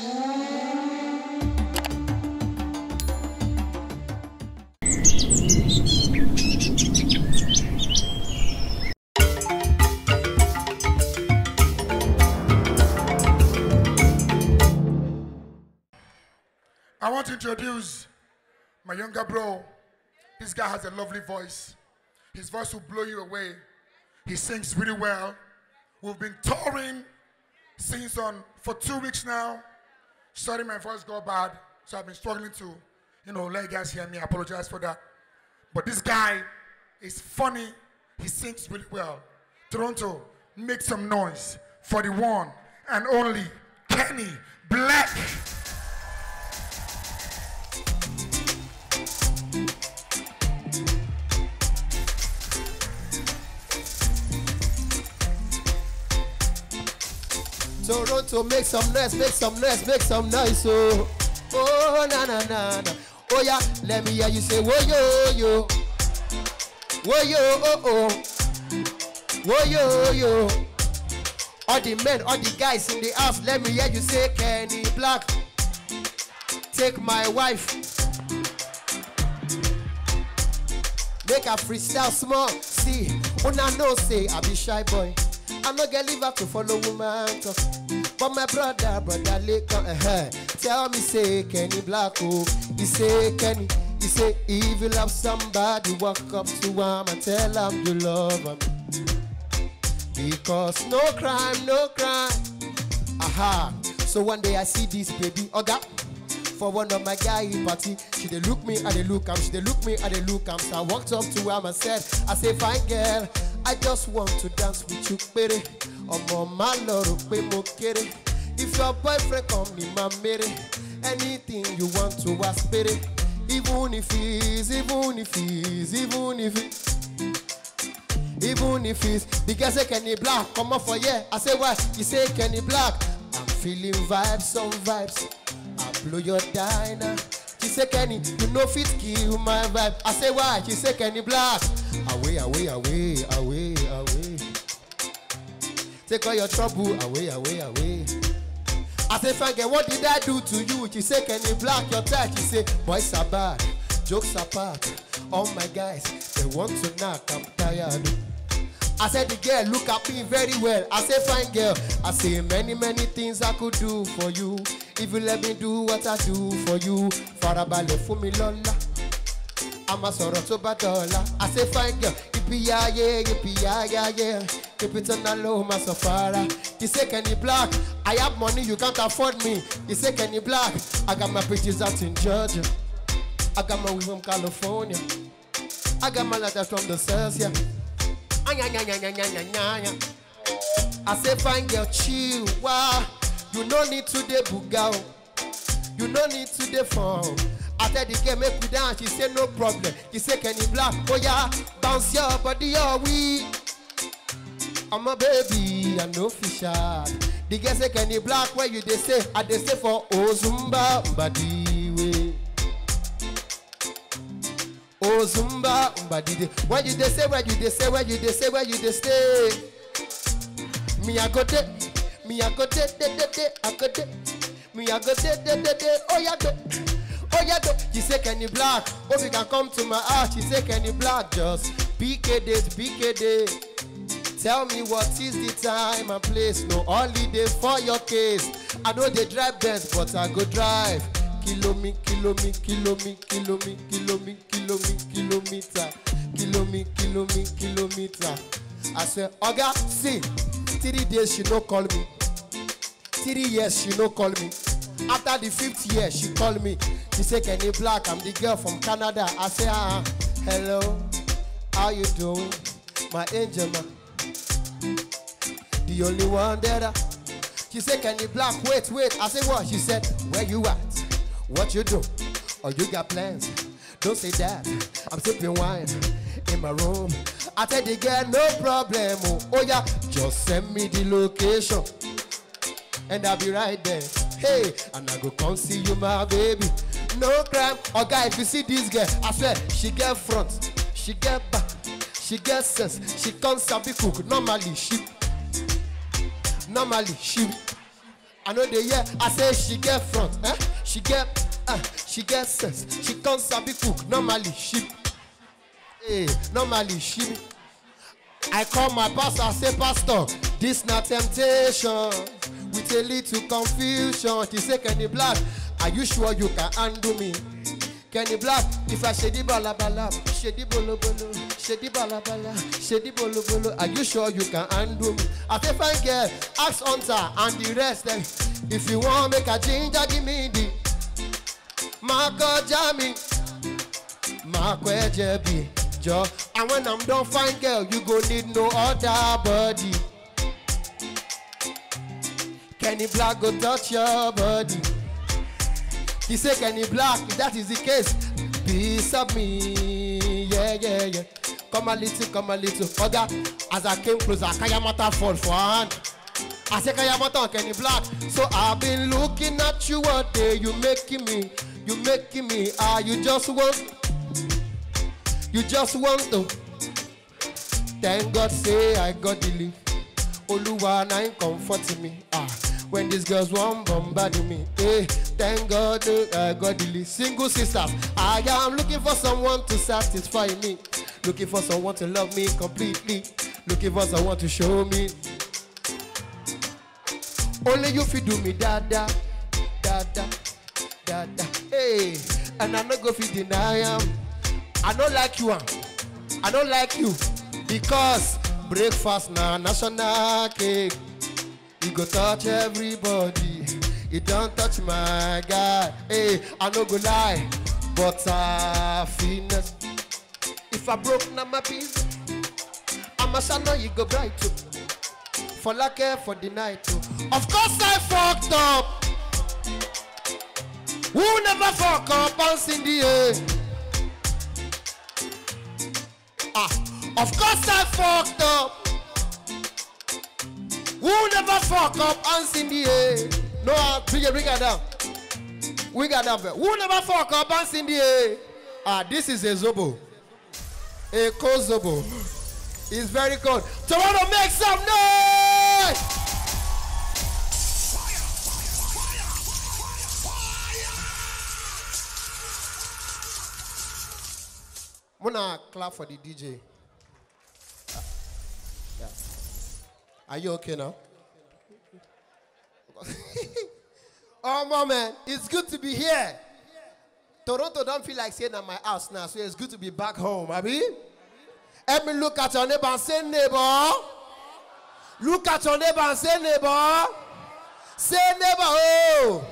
I want to introduce my younger bro. This guy has a lovely voice. His voice will blow you away. He sings really well. We've been touring since on for two weeks now. Sorry, my voice got bad, so I've been struggling to, you know, let you guys hear me. I apologize for that. But this guy is funny. He sings really well. Toronto, make some noise for the one and only Kenny Black. to make some noise, make some noise, make some noise, oh. Oh, na na na na. Oh, yeah, let me hear you say, whoa, yo, yo. Whoa, yo, oh, oh. Whoa, yo, yo. All the men, all the guys in the house, let me hear you say, Kenny Black, take my wife. Make a freestyle small, see, when I know, say, I be shy boy. I no get liver to follow woman talk. But my brother, brother Lake, uh, uh-huh. tell me say Kenny Black, he say Kenny, he say if you love somebody, walk up to him and tell him you love him. Because no crime, no crime. Aha. So one day I see this baby, oh God for one of my guy party. She they look me and they look him, she they look me and they look him, So I walked up to her and said, I say, fine girl, I just want to dance with you, péré. Ọmọ má my rò pé mo kéré. If your boyfriend come ni ma mere. Anything you want to ask, péré. Even if he's, even if he's, even if he's. Even if it's the guy say Kenny Black, come on for yeah. I say what? You say Kenny Black. I'm feeling vibes, some vibes. I blow your diner. She say Kenny, you know fit kill my vibe. I say why? She say Kenny Black. Away, away, away, away, away. Take all your trouble away, away, away. I say, Fanke, what did I do to you? She say, Can you block your touch? She say, Boys are bad, jokes are apart. All my guys, they want to knock, I'm tired. I said, The girl, look at me very well. I say, Fine girl. I say, Many, many things I could do for you. If you let me do what I do for you, Farabalẹ̀ fún mi lọ́la a máa sọ̀rọ̀ tó bá dọ̀la I say fine girl yippee ya yeah, yippee ya yeah. Keep it on the low, my safari. You say can you Black I have money you can't afford me You say can you Black I got my bitches out in Georgia I got my weed from California I got my letters from the cells ah, yeah. I say fine girl chill wá you no need to de buga o you no need to de fun I tell the girl make we dance, she say no problem. She say can you black, oh yeah, bounce your body oh we. I'm a baby, I'm no fisher. The girl say can you black where you they say, I they say for Ozumba zumba, Ozumba we. Where you they say, where you they say, where you they say, where you they stay. Me I go de, me I go de, de de de, I go de. Me I go de, de de de, oh yeah, go. Oh yeah, though. She say can you Black. Hope oh, you can come to my house. She say can you Black. Just PK date, PK date. Tell me what is the time and place. No holiday for your case. I know they drive best, but I go drive. Kilo me, kilo me, kilo me, kilo me, kilo me, kilo me, kilometer. Kilo me, kilo me, kilometer. I said, Oga, see, three days she no call me. Three years she no call me. After the fifth year, she called me. She said, Kenny Black, I'm the girl from Canada. I say, ah, hello, how you doing? My angel, man. The only one that I... She said, Kenny Black, wait, wait. I said, what? She said, where you at? What you do? Or oh, you got plans? Don't say that. I'm sipping wine in my room. I tell the girl, no problem. Oh, oh yeah, just send me the location. And I'll be right there. hey and i go come see you my baby no crime oh guy. if you see this girl i swear she get front she get back she get sense she comes come be cook normally she normally she i know dey hear i say she get front eh? she get uh, she get sense she comes come be cook normally she hey, normally she i call my pastor I say pastor this not temptation. a little confusion. She say, Kenny Black, are you sure you can handle me? Kenny Black, if I the bala bala, the bolo bolo, the bala bala, the bolo bolo, are you sure you can handle me? I say, fine girl, ask Hunter and the rest. Then. If you want make a change, give me the Marco Jamie, Marco Jebi, Joe. And when I'm done, fine girl, you go need no other body. Kenny Black go touch your body. He say Kenny Black, if that is the case, piece of me, yeah, yeah, yeah. Come a little, come a little further. As I came closer, can you matter for hand. I say matter, Kenny Black. So I've been looking at you all day. You making me, you making me. Ah, you just want, you just want to. Thank God, say I got the leave. Oluwa now comforting me. Ah, when these girls want bombarding me. Hey, eh, thank God the eh, uh, got the Single sisters, I am looking for someone to satisfy me. Looking for someone to love me completely. Looking for someone to show me. Only you fi do me dada, dada, dada. Hey, eh. and I no go feed deny am. I no like you I ah. I no like you because breakfast na national cake You go touch everybody don't touch my guy hey i no go lie but i finesse if i broke na my piece amasana you go bright too for lake for the night too of course i fucked up who never fuck up and sing the air ah of course I fucked up. Who never fuck up hands in the air? No, I uh, bring it, bring it down. We got that. Who never fuck up hands in the air? Ah, this is a zobo. A cold zobo. It's very cold. Toronto, make some noise! I'm gonna clap for the DJ. Are you okay now? oh, my man, it's good to be here. Toronto don't feel like staying at my house now, so it's good to be back home, Abby. Let me look at your neighbor and say, neighbor. Look at your neighbor and say, neighbor. Say, neighbor, oh.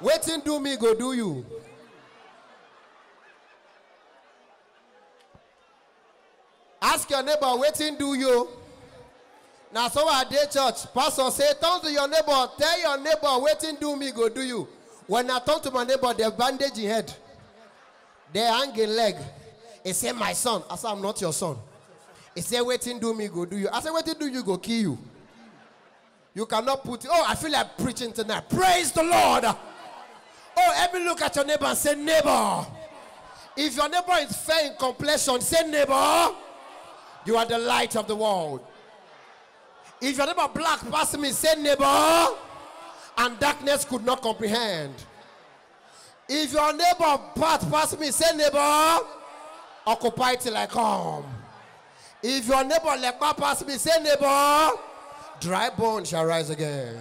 Waiting do me, go do you. Ask your neighbor, waiting do you. Now, so i did church pastor say turn to your neighbor tell your neighbor wetin do me go do you when i turn to my neighbor they bandage head they hang in leg He say my son i say i'm not your son He say wetin do me go do you i say wetin do you go kill you you cannot put oh i feel like preaching tonight praise the lord oh every me look at your neighbor and say neighbor if your neighbor is fair in complexion say neighbor you are the light of the world if your neighbor black pass me, say neighbor, and darkness could not comprehend. If your neighbor path pass me, say neighbor, occupy till I come. If your neighbor leper pass me, say neighbor, dry bones shall rise again.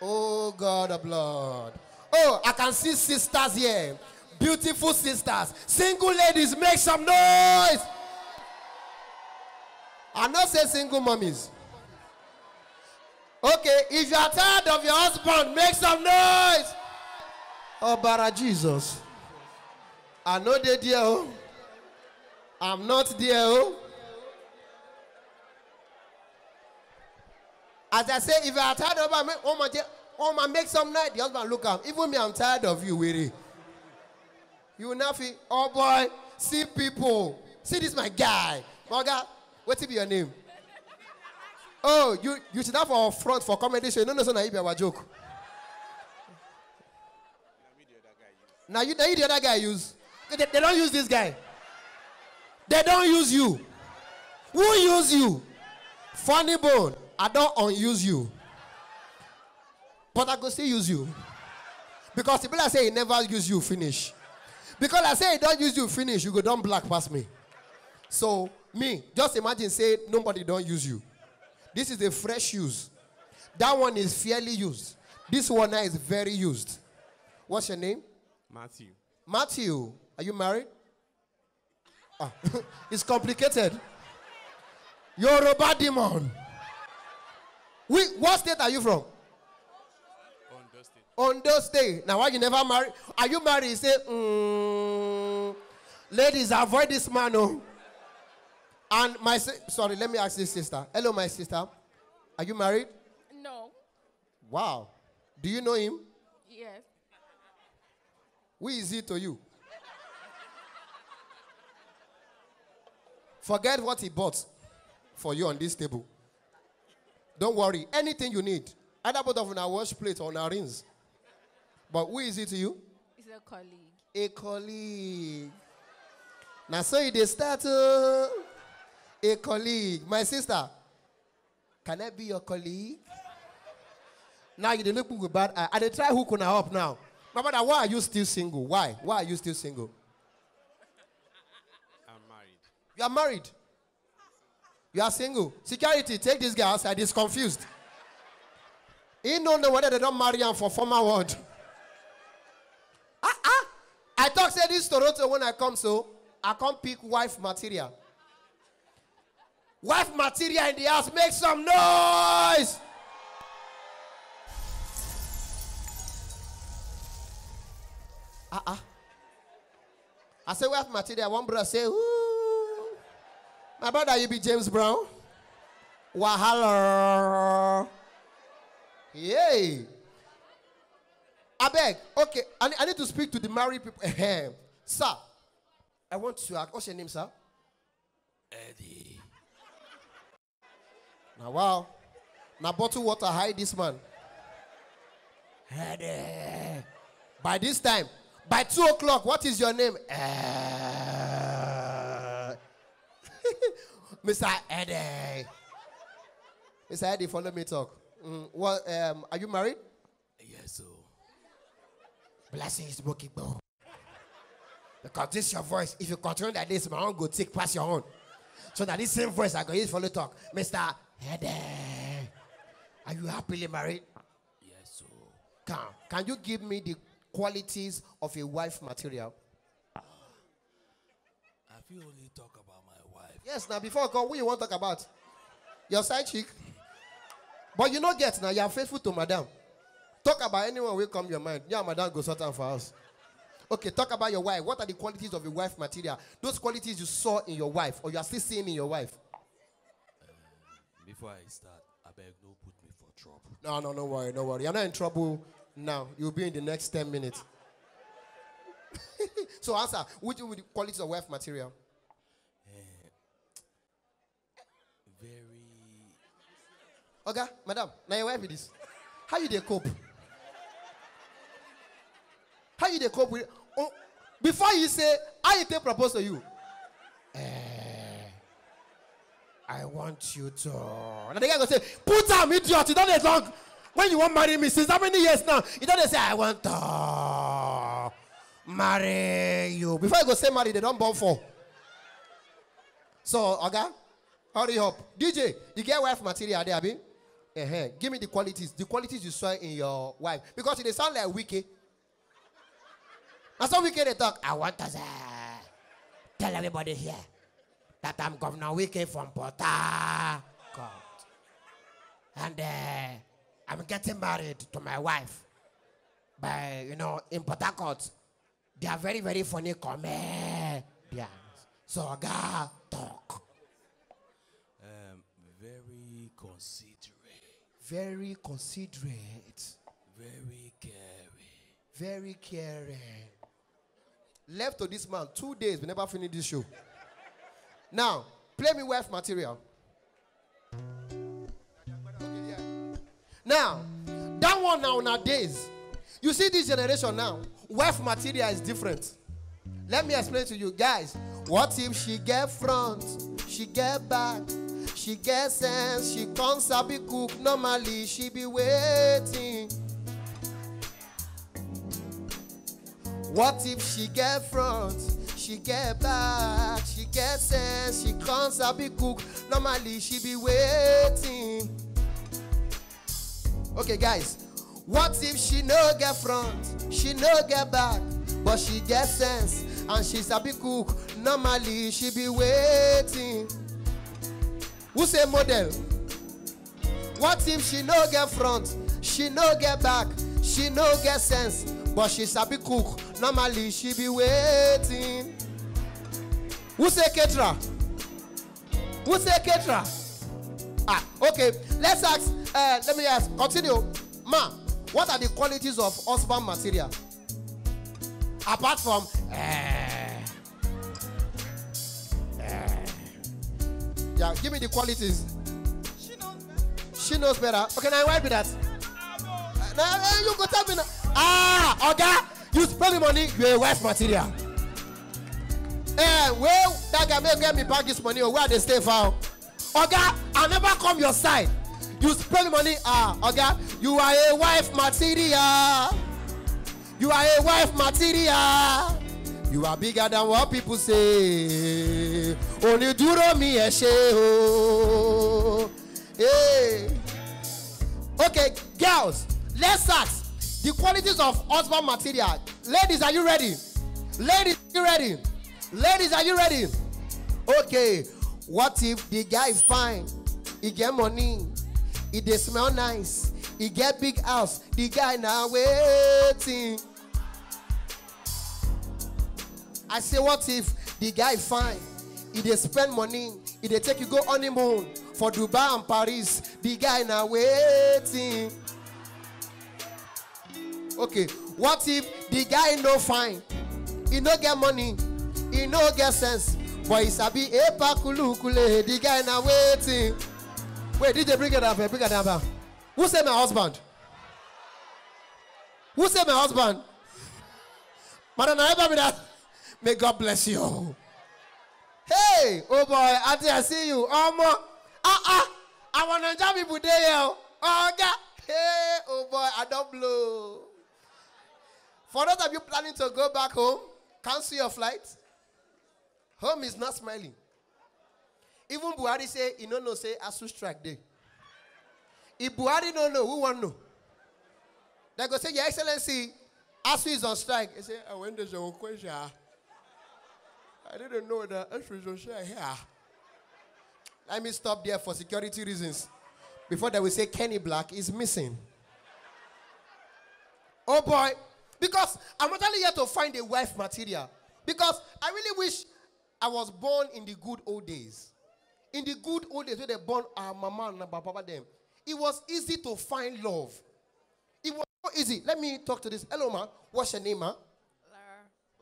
Oh God of blood. Oh, I can see sisters here. Beautiful sisters. Single ladies, make some noise. I not say single mummies. Okay, if you are tired of your husband, make some noise. Oh, Bara Jesus. I know they there. Oh. I'm not there. Oh. As I say, if you are tired of me, oh my dear, oh my, make some noise. The husband look up. Even me, I'm tired of you, weary. You will oh boy, see people. See this my guy. My guy. What be your name? Oh, you, you should have our front for comedy show. No, no, so now you our joke. Now you, now you the other guy use. They, they, they don't use this guy. They don't use you. Who use you? Funny bone. I don't unuse you. But I could still use you. Because the people say he never use you, finish. Because I say he don't use you, finish. You go down black past me. So me, just imagine say nobody don't use you. This is a fresh use. That one is fairly used. This one now is very used. What's your name? Matthew. Matthew, are you married? Ah. it's complicated. You're a bad demon. We, what state are you from? Ondo State. Ondo State. Now, why you never married? Are you married? say, mm, ladies, avoid this man. Oh. And my sorry, let me ask this sister. Hello, my sister. Are you married? No. Wow. Do you know him? Yes. Who is he to you? Forget what he bought for you on this table. Don't worry. Anything you need, either both of our wash plate or on our rings. But who is it to you? He's a colleague. A colleague. Now, so they start. Uh, a colleague. My sister, can I be your colleague? now you don't look with bad eye. And they try hooking her up now. My brother, why are you still single? Why? Why are you still single? I'm married. You are married. You are single. Security, take this guy outside. He's confused. He know the word whether they don't marry him for former word. ah, ah. I talk say this Toronto when I come, so I come pick wife material. Wife material in the house, make some noise. Uh uh I say wife material. One brother say, Ooh. My brother, you be James Brown. Wahala. Yay. I beg. Okay, I, I need to speak to the married people. sir, I want to ask. What's your name, sir? Eddie. Now, wow. Now, bottle water, hide this man. Eh. By this time, by two o'clock, what is your name? Eh. Mr. Eddie. Mr. Eddie, follow me talk. Mm, what, um, are you married? Yes, sir. Blessing is broken Because this your voice. If you continue like this, my own go take past your own. So that this same voice I go use follow talk. Mr there. Are you happily married? Yes, sir. Can, can you give me the qualities of a wife material? Ah, I you only talk about my wife? Yes, now before come, who you want to talk about? Your side chick. But you know, get now, you are faithful to madam. Talk about anyone will come your mind. Yeah, madam, go sort out for us. Okay, talk about your wife. What are the qualities of your wife material? Those qualities you saw in your wife or you are still seeing in your wife. Before I start, I beg no put me for trouble. No, no, no worry, no worry. You're not in trouble now. You'll be in the next 10 minutes. so answer, which would you call it a wealth material? Uh, very... Okay, madam, now your wife this. How you they cope? How you they cope with... Oh, before you say, I they propose to you. I want you to. And the guy go say, put am idiot, you don't talk. When you want marry me, since how many years now? You don't say, I want to marry you. Before you go say marry, they don't bump for. So, Oga, okay? hurry up. DJ, you get wife material there, Abi? Uh-huh. Give me the qualities, the qualities you saw in your wife. Because it sound like wicked. That's how wicked they talk. I want to say, tell everybody here that I'm Governor Wiki from Port Harcourt. And uh, I'm getting married to my wife. But, you know, in Port Harcourt, they are very, very funny comedians. So, God, talk. Um, very considerate. Very considerate. Very caring. Very caring. Left to this man two days, we never finished this show. Now, play me wealth material. Now, that one now nowadays, you see this generation now, wealth material is different. Let me explain to you guys. What if she get front, she get back, she get sense, she can't sabi cook normally, she be waiting. What if she get front, she get back, she get sense, she can't out be cook. Normally she be waiting. Okay, guys, what if she no get front, she no get back, but she get sense and she's a cook. Normally she be waiting. Who say model? What if she no get front, she no get back, she no get sense, but she's a cook. Normally she be waiting. Who say Ketra? Who say Ketra? Ah, okay. Let's ask. Uh, let me ask. Continue, ma. What are the qualities of husband material? Apart from. Uh, Yeah, give me the qualities. She knows better. She knows better. Okay, now why be that? Ah, now eh, you go tell me. Now. Ah, okay. You spend the money. You're a waste material. Hey, eh, well, that guy may get me back this money or oh, where they stay for. Oh. Oga, I never come your side. You spend money, ah, Oga, you are a wife material. You are a wife material. You are bigger than what people say. Only duro mi eshe Hey. Oh. Eh. Okay, girls, let's start the qualities of husband material. Ladies, are you ready? Ladies, are you ready? Ladies, are you ready? Okay. What if the guy is fine? He get money. He de smell nice. He get big house. The guy now waiting. I say, what if the guy fine? He de spend money. He de take you go honeymoon for Dubai and Paris. The guy now waiting. Okay. What if the guy no fine? He no get money e no get sense but e sabi epa kulukule the guy na Where wait they bring it up bring it up who say my husband who say my husband madam na ever that may god bless you hey oh boy aunty i see you ma, ah ah our naija people dey Oh God. hey oh boy i don't blow for those of you planning to go back home cancel your flight Home is not smiling. Even Buhari say, he no no say, Asu strike day. If Buhari no not know, who won't know? They go say, Your Excellency, ASU is on strike. He say, I ah, went to the question. Ah, I didn't know that ASU is on strike here. Ah. Let me stop there for security reasons. Before they will say Kenny Black is missing. Oh boy. Because I'm only here to find a wife material. Because I really wish I was born in the good old days. In the good old days, when they born our mama and our papa them, it was easy to find love. It was easy. Let me talk to this. Hello, ma. What's your name, ma?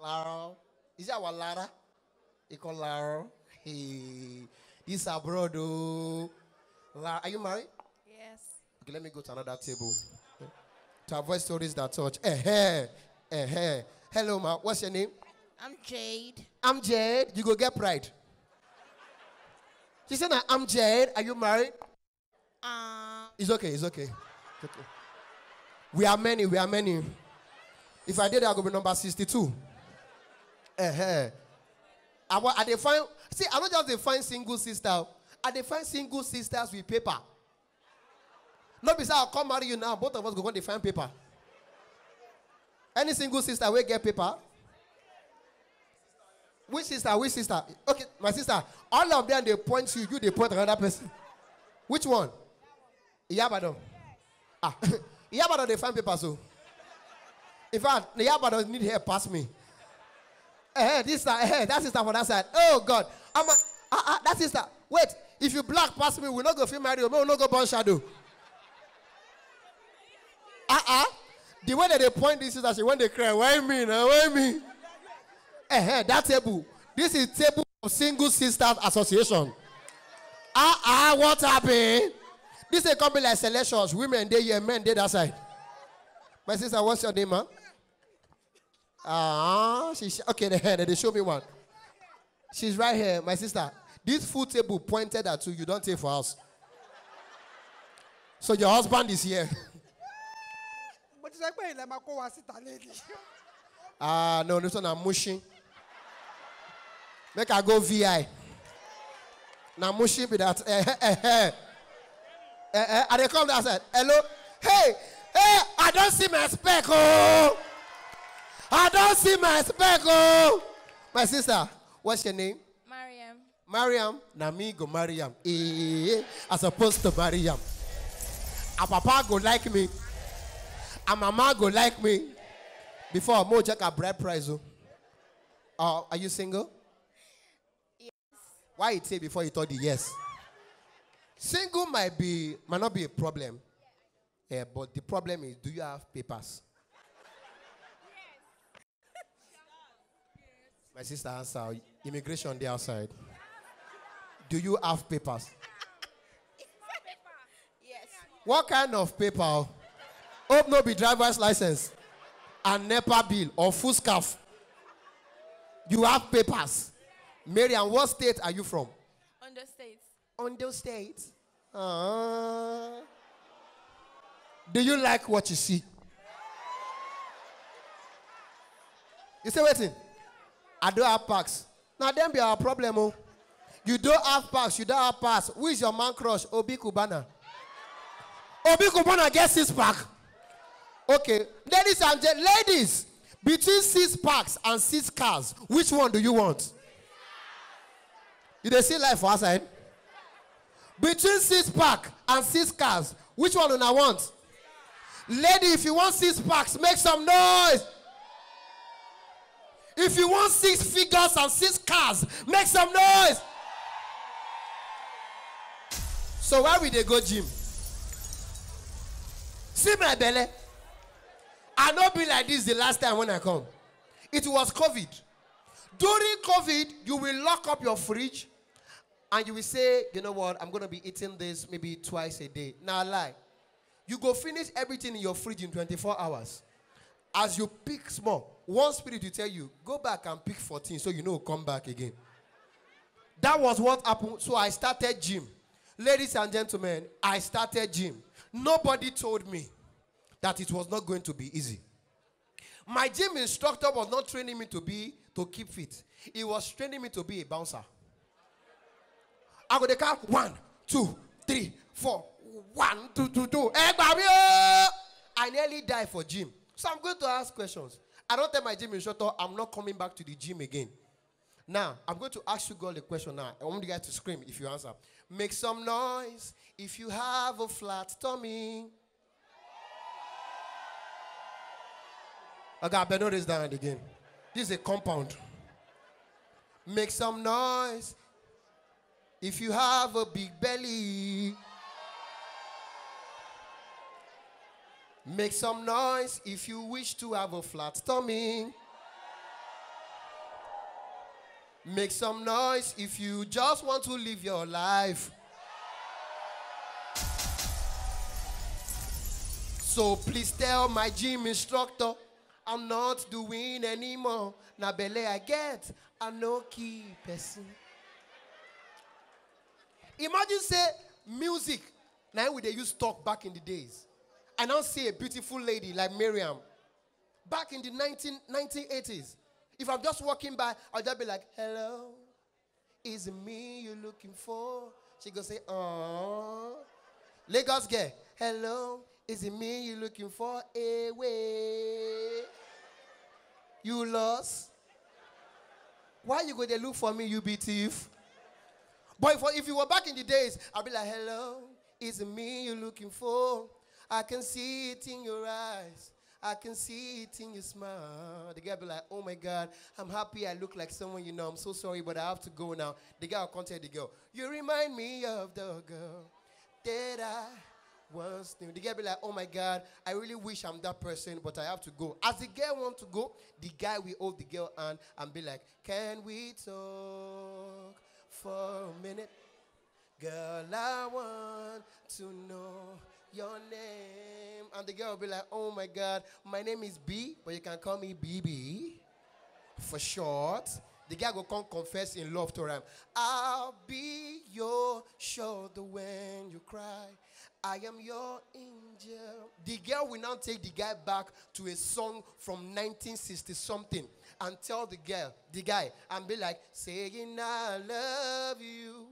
Lara. Lara. Is that our Lara? He call Lara. Hey. This our brother. Oh. Lara. Are you married? Yes. Okay, let me go to another table. to avoid stories that touch. Eh, eh, eh, eh. Hello, ma. What's your name? I'm Jade. I'm Jed, you go get pride. She said, I'm Jed, are you married? Uh, it's okay, it's okay. It's okay. We are many, we are many. If I did, I'll go be number 62. Uh-huh. I, I define, see, I don't just define single sister. I define single sisters with paper. Not because I'll come marry you now, both of us go the define paper. Any single sister will get paper. Which sister? Which sister? Okay, my sister. All of them they point to you, you they point another person. Which one? Yabadon. Ah, Yabadon they find paper so. Oh. In fact, the Yabadon need help pass me. Eh, eh this side, eh, eh, that sister for that side. Oh God, I'm a, ah, ah, that sister. Wait, if you block pass me, we not go feel married. Oh, we are not go burn shadow. Ah uh ah, -uh. the way that they point this sister, she when they cry, why me? Now? Why me? uh that table. This is table of Single Sisters Association. Ah, ah, what happened? This is a company like Selections. Women, they here, men, they that side. My sister, what's your name, huh? Ah, she, okay, they, they show me one. She's right here, my sister. This food table pointed at you, you don't take for us. So your husband is here. Ah, no, this one I'm mushing. Make I go VI. Now mushy be that. Eh, eh, eh. Eh, eh. eh and they come down and said, hello? Hey, hey, eh, I don't see my speck, oh. I don't see my speck, oh. My sister, what's your name? Mariam. Mariam. Now me go Mariam. Eh, as opposed to Mariam. A papa go like me. A mama go like me. Before I mo check a bread prize. oh. Uh, are you single? Why it say before you thought the yes? Single might be might not be a problem. Yeah, but the problem is do you have papers? Yes. My sister answered, immigration the outside. Do you have papers? yes. What kind of paper? Hope no be driver's license, and NEPA bill or full scarf. You have papers. Marian, what state are you from? Ondo State. Ondo State. Uh, do you like what you see? You say, waiting. I don't have packs. Now, then be our problem. Oh. You don't have packs. You don't have packs. Who is your man crush? Obi Kubana. Obi Kubana gets six pack. Okay. Ladies and ladies, between six packs and six cars, which one do you want? You they see life for outside? Between six pack and six cars, which one do I want? Lady, if you want six packs, make some noise. If you want six figures and six cars, make some noise. So why will they go gym? See my belly. I not be like this the last time when I come. It was COVID. During COVID, you will lock up your fridge and you will say, you know what, I'm going to be eating this maybe twice a day. Now, lie. You go finish everything in your fridge in 24 hours. As you pick small, one spirit will tell you, go back and pick 14 so you know come back again. That was what happened. So I started gym. Ladies and gentlemen, I started gym. Nobody told me that it was not going to be easy. My gym instructor was not training me to be to keep fit. He was training me to be a bouncer. I go the car. One, two, three, four. One, two, two, two. Hey, eh, baby, I nearly die for gym. So I'm going to ask questions. I don't tell my gym instructor I'm not coming back to the gym again. Now, I'm going to ask you girl the question now. I want you guys to scream if you answer. Make some noise if you have a flat tummy. Okay, I better not raise that hand again. This is a compound. Make some noise if you have a big belly, make some noise if you wish to have a flat tummy. Make some noise if you just want to live your life. So please tell my gym instructor I'm not doing anymore. Na belly I get, I no key person. Imagine say music. Now would they use talk back in the days. I don't see a beautiful lady like Miriam back in the 19, 1980s. If I'm just walking by, I'll just be like, hello, is it me you're looking for? She gonna say, oh. Lagos girl, hello, is it me you're looking for? Away. You lost? Why you go there look for me, you be thief? But if, if you were back in the days, I'd be like, hello, is it me you're looking for? I can see it in your eyes. I can see it in your smile. The guy be like, oh my God, I'm happy I look like someone you know. I'm so sorry, but I have to go now. The guy will contact the girl. You remind me of the girl that I once knew. The guy be like, oh my God, I really wish I'm that person, but I have to go. As the girl want to go, the guy will hold the girl hand and be like, can we talk? for a minute. Girl, I want to know your name. And the girl will be like, oh my God, my name is B, but you can call me BB for short. The guy will come confess in love to him. I'll be your shoulder when you cry. I am your angel. The girl will now take the guy back to a song from 1960 something and tell the girl, the guy, and be like, saying I love you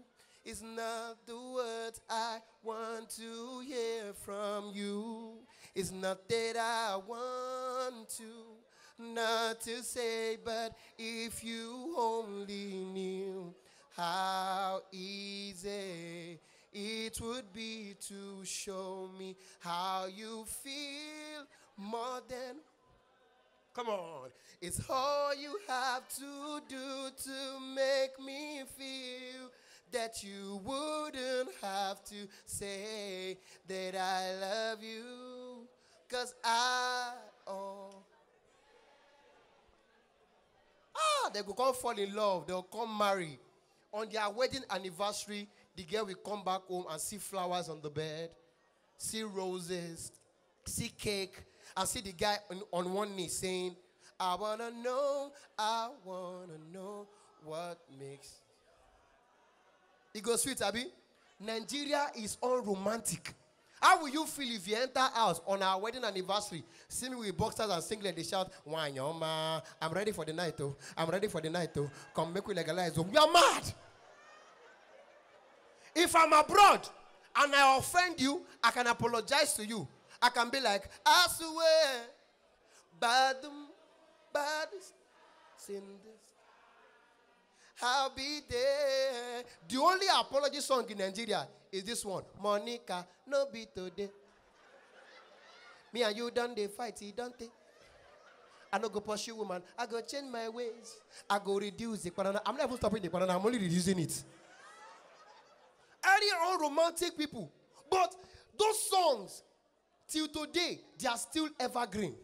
is not the words I want to hear from you. It's not that I want to, not to say, but if you only knew how easy it would be to show me how you feel more than. Come on. It's all you have to do to make me feel that you wouldn't have to say that I love you. Cause I. Oh. Ah, they will come fall in love. They'll come marry. On their wedding anniversary, the girl will come back home and see flowers on the bed, see roses, see cake, and see the guy on, on one knee saying, I wanna know, I wanna know what makes. It goes sweet, Abby. Nigeria is unromantic. How will you feel if you enter house on our wedding anniversary, see me with boxers and singlet, they shout, Wanyoma, I'm ready for the night, though. I'm ready for the night, though. Come make we legalize, though. We are mad. If I'm abroad and I offend you, I can apologize to you. I can be like, I swear, bad, um, bad, sin I'll be there. The only apology song in Nigeria is this one. Monica, no be today. Me and you done the fight, don't they? I no go pursue woman. I go change my ways. I go reduce the banana. I'm not even stopping the banana. I'm only reducing it. Early on, romantic people. But those songs, till today, they are still evergreen.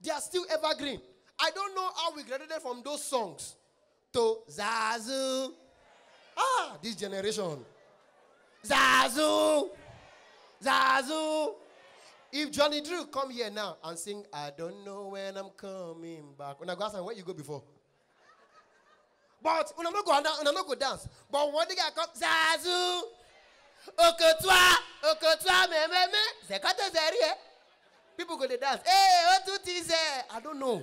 They are still evergreen. I don't know how we graduated from those songs to Zazu. Ah, this generation. Zazu. Zazu. If Johnny Drew come here now and sing, I don't know when I'm coming back. When I go ask him, where you go before? But una no go una no go dance. But one thing I come Zazu. Okotwa, Okotwa, me me me. Zekato zeri eh. People go to dance. Hey, Otuti I don't know.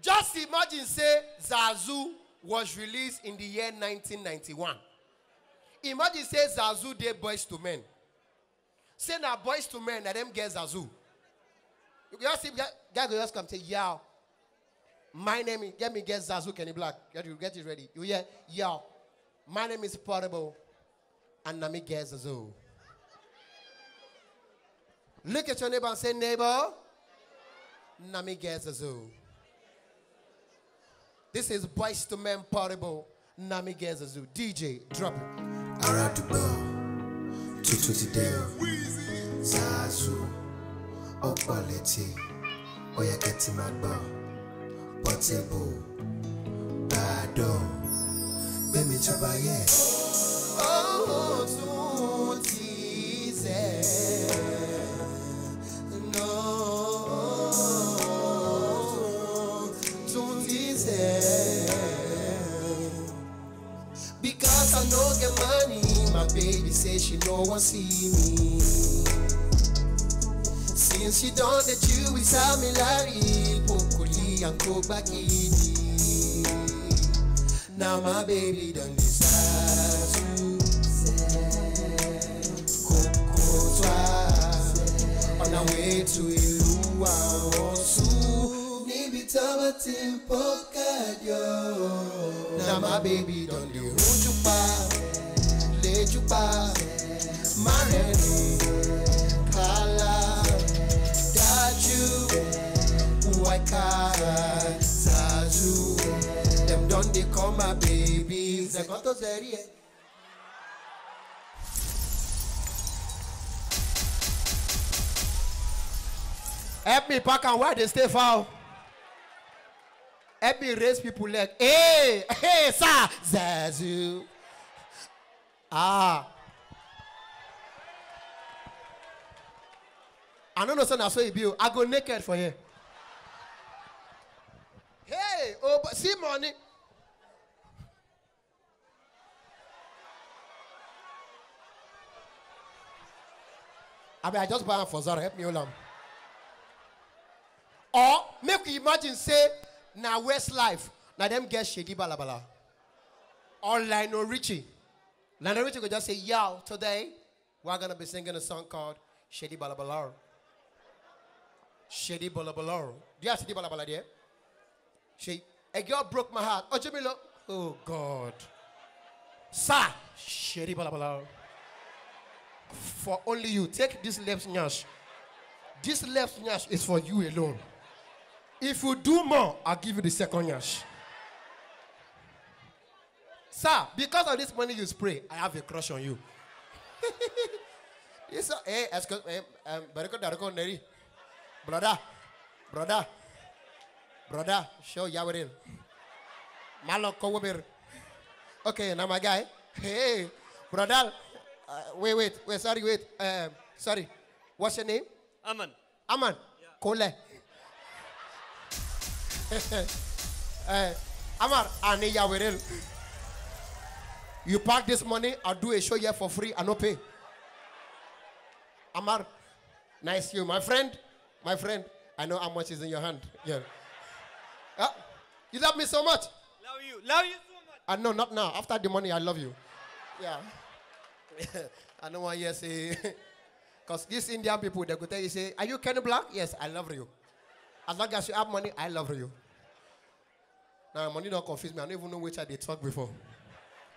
Just imagine say Zazu was released in the year 1991. Imagine say Zazu dey boys to men. Say na boys to men na them get Zazu. You can just see guy go just come say, yeah. My name is, get me, get Zazu Kenny Black. Get, you, get it ready. You hear? Yeah. My name is Portable, and Nami get Zazu. Look at your neighbor and say, neighbor, Nami get Zazu. This is Boys to Men Portable, Nami get Zazu. DJ, drop it. Aratubo, Tututideo, Zazu, Opaleti, Oya Ketimagbo. Portable, Bado, Bemi Tobaye. Oh, don't tease No, don't tease Because I know get money, my baby say she no one see me. Since she don't let you inside how me like kulia nkoba kidi Now my baby done not to kokotwa On our way to Ilua Osu Nibi taba timpoka Now my baby done the Ujupa Lejupa Mareni Kala cara Zazu Them done they call my baby Zekoto Zerie Help me pack and where they stay foul. Help me raise people leg. Hey, hey, sir. Zazu. Ah. I don't know, son, I saw you. I go naked for you. oh, but see money. I mean, I just buy for Zara. Help me, Olam. Or make you imagine say, now West Life, now them get shady balabala. Or Lionel Richie. Now Richie could just say, yo, today we're gonna be singing a song called Shady Balabala. Shady Balabala. Do you have Shady Balabala there? She, a girl broke my heart. Oh, Jimmy, look! Oh, God. Sir. Sherry balabala. For only you. Take this left nyash. This left nyash is for you alone. If you do more, I'll give you the second nyash. Sir, because of this money you spray, I have a crush on you. It's a, hey, excuse me, um, brother, brother, Brother, show Yawir. Malo Wubir. Okay, now my guy. Hey, brother. Uh, wait, wait, wait, sorry, wait. Um, sorry. What's your name? Aman. Aman. Yeah. Kole. Eh, Amar, I need You park this money, I'll do a show here for free, I no pay. Amar, nice you. My friend, my friend, I know how much is in your hand. Yeah. Huh? Ah, you love me so much? Love you. Love you so much. I uh, know, not now. After the money, I love you. Yeah. I know what you say. Because these Indian people, they could tell you, say, Are you Kenny Black? Yes, I love you. As long as you have money, I love you. Now, money don't confuse me. I don't even know which I did talk before.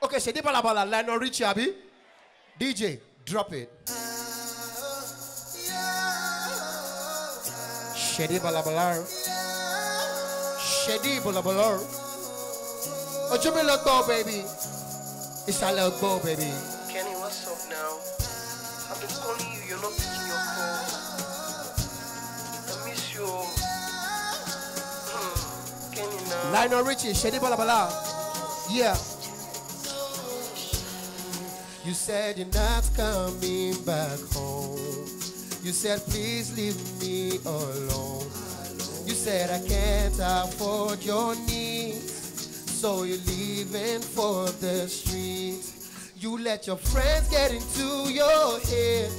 Okay, Shadi Bala, Lionel Richie, Abby. DJ, drop it. Shadi Balabala. Shady, ṣẹ̀dí you lọ́rùn ojú mi baby? It's a ìsàlẹ̀ gbọ́ baby. Kenny, what's up now? I've been calling you, you're not picking your call. I miss you. Hmm, Kenny, now. Lionel Richie, bala bala. Yeah. You said you're not coming back home. You said, please leave me alone. You said I can't afford your needs, so you're leaving for the streets. You let your friends get into your head.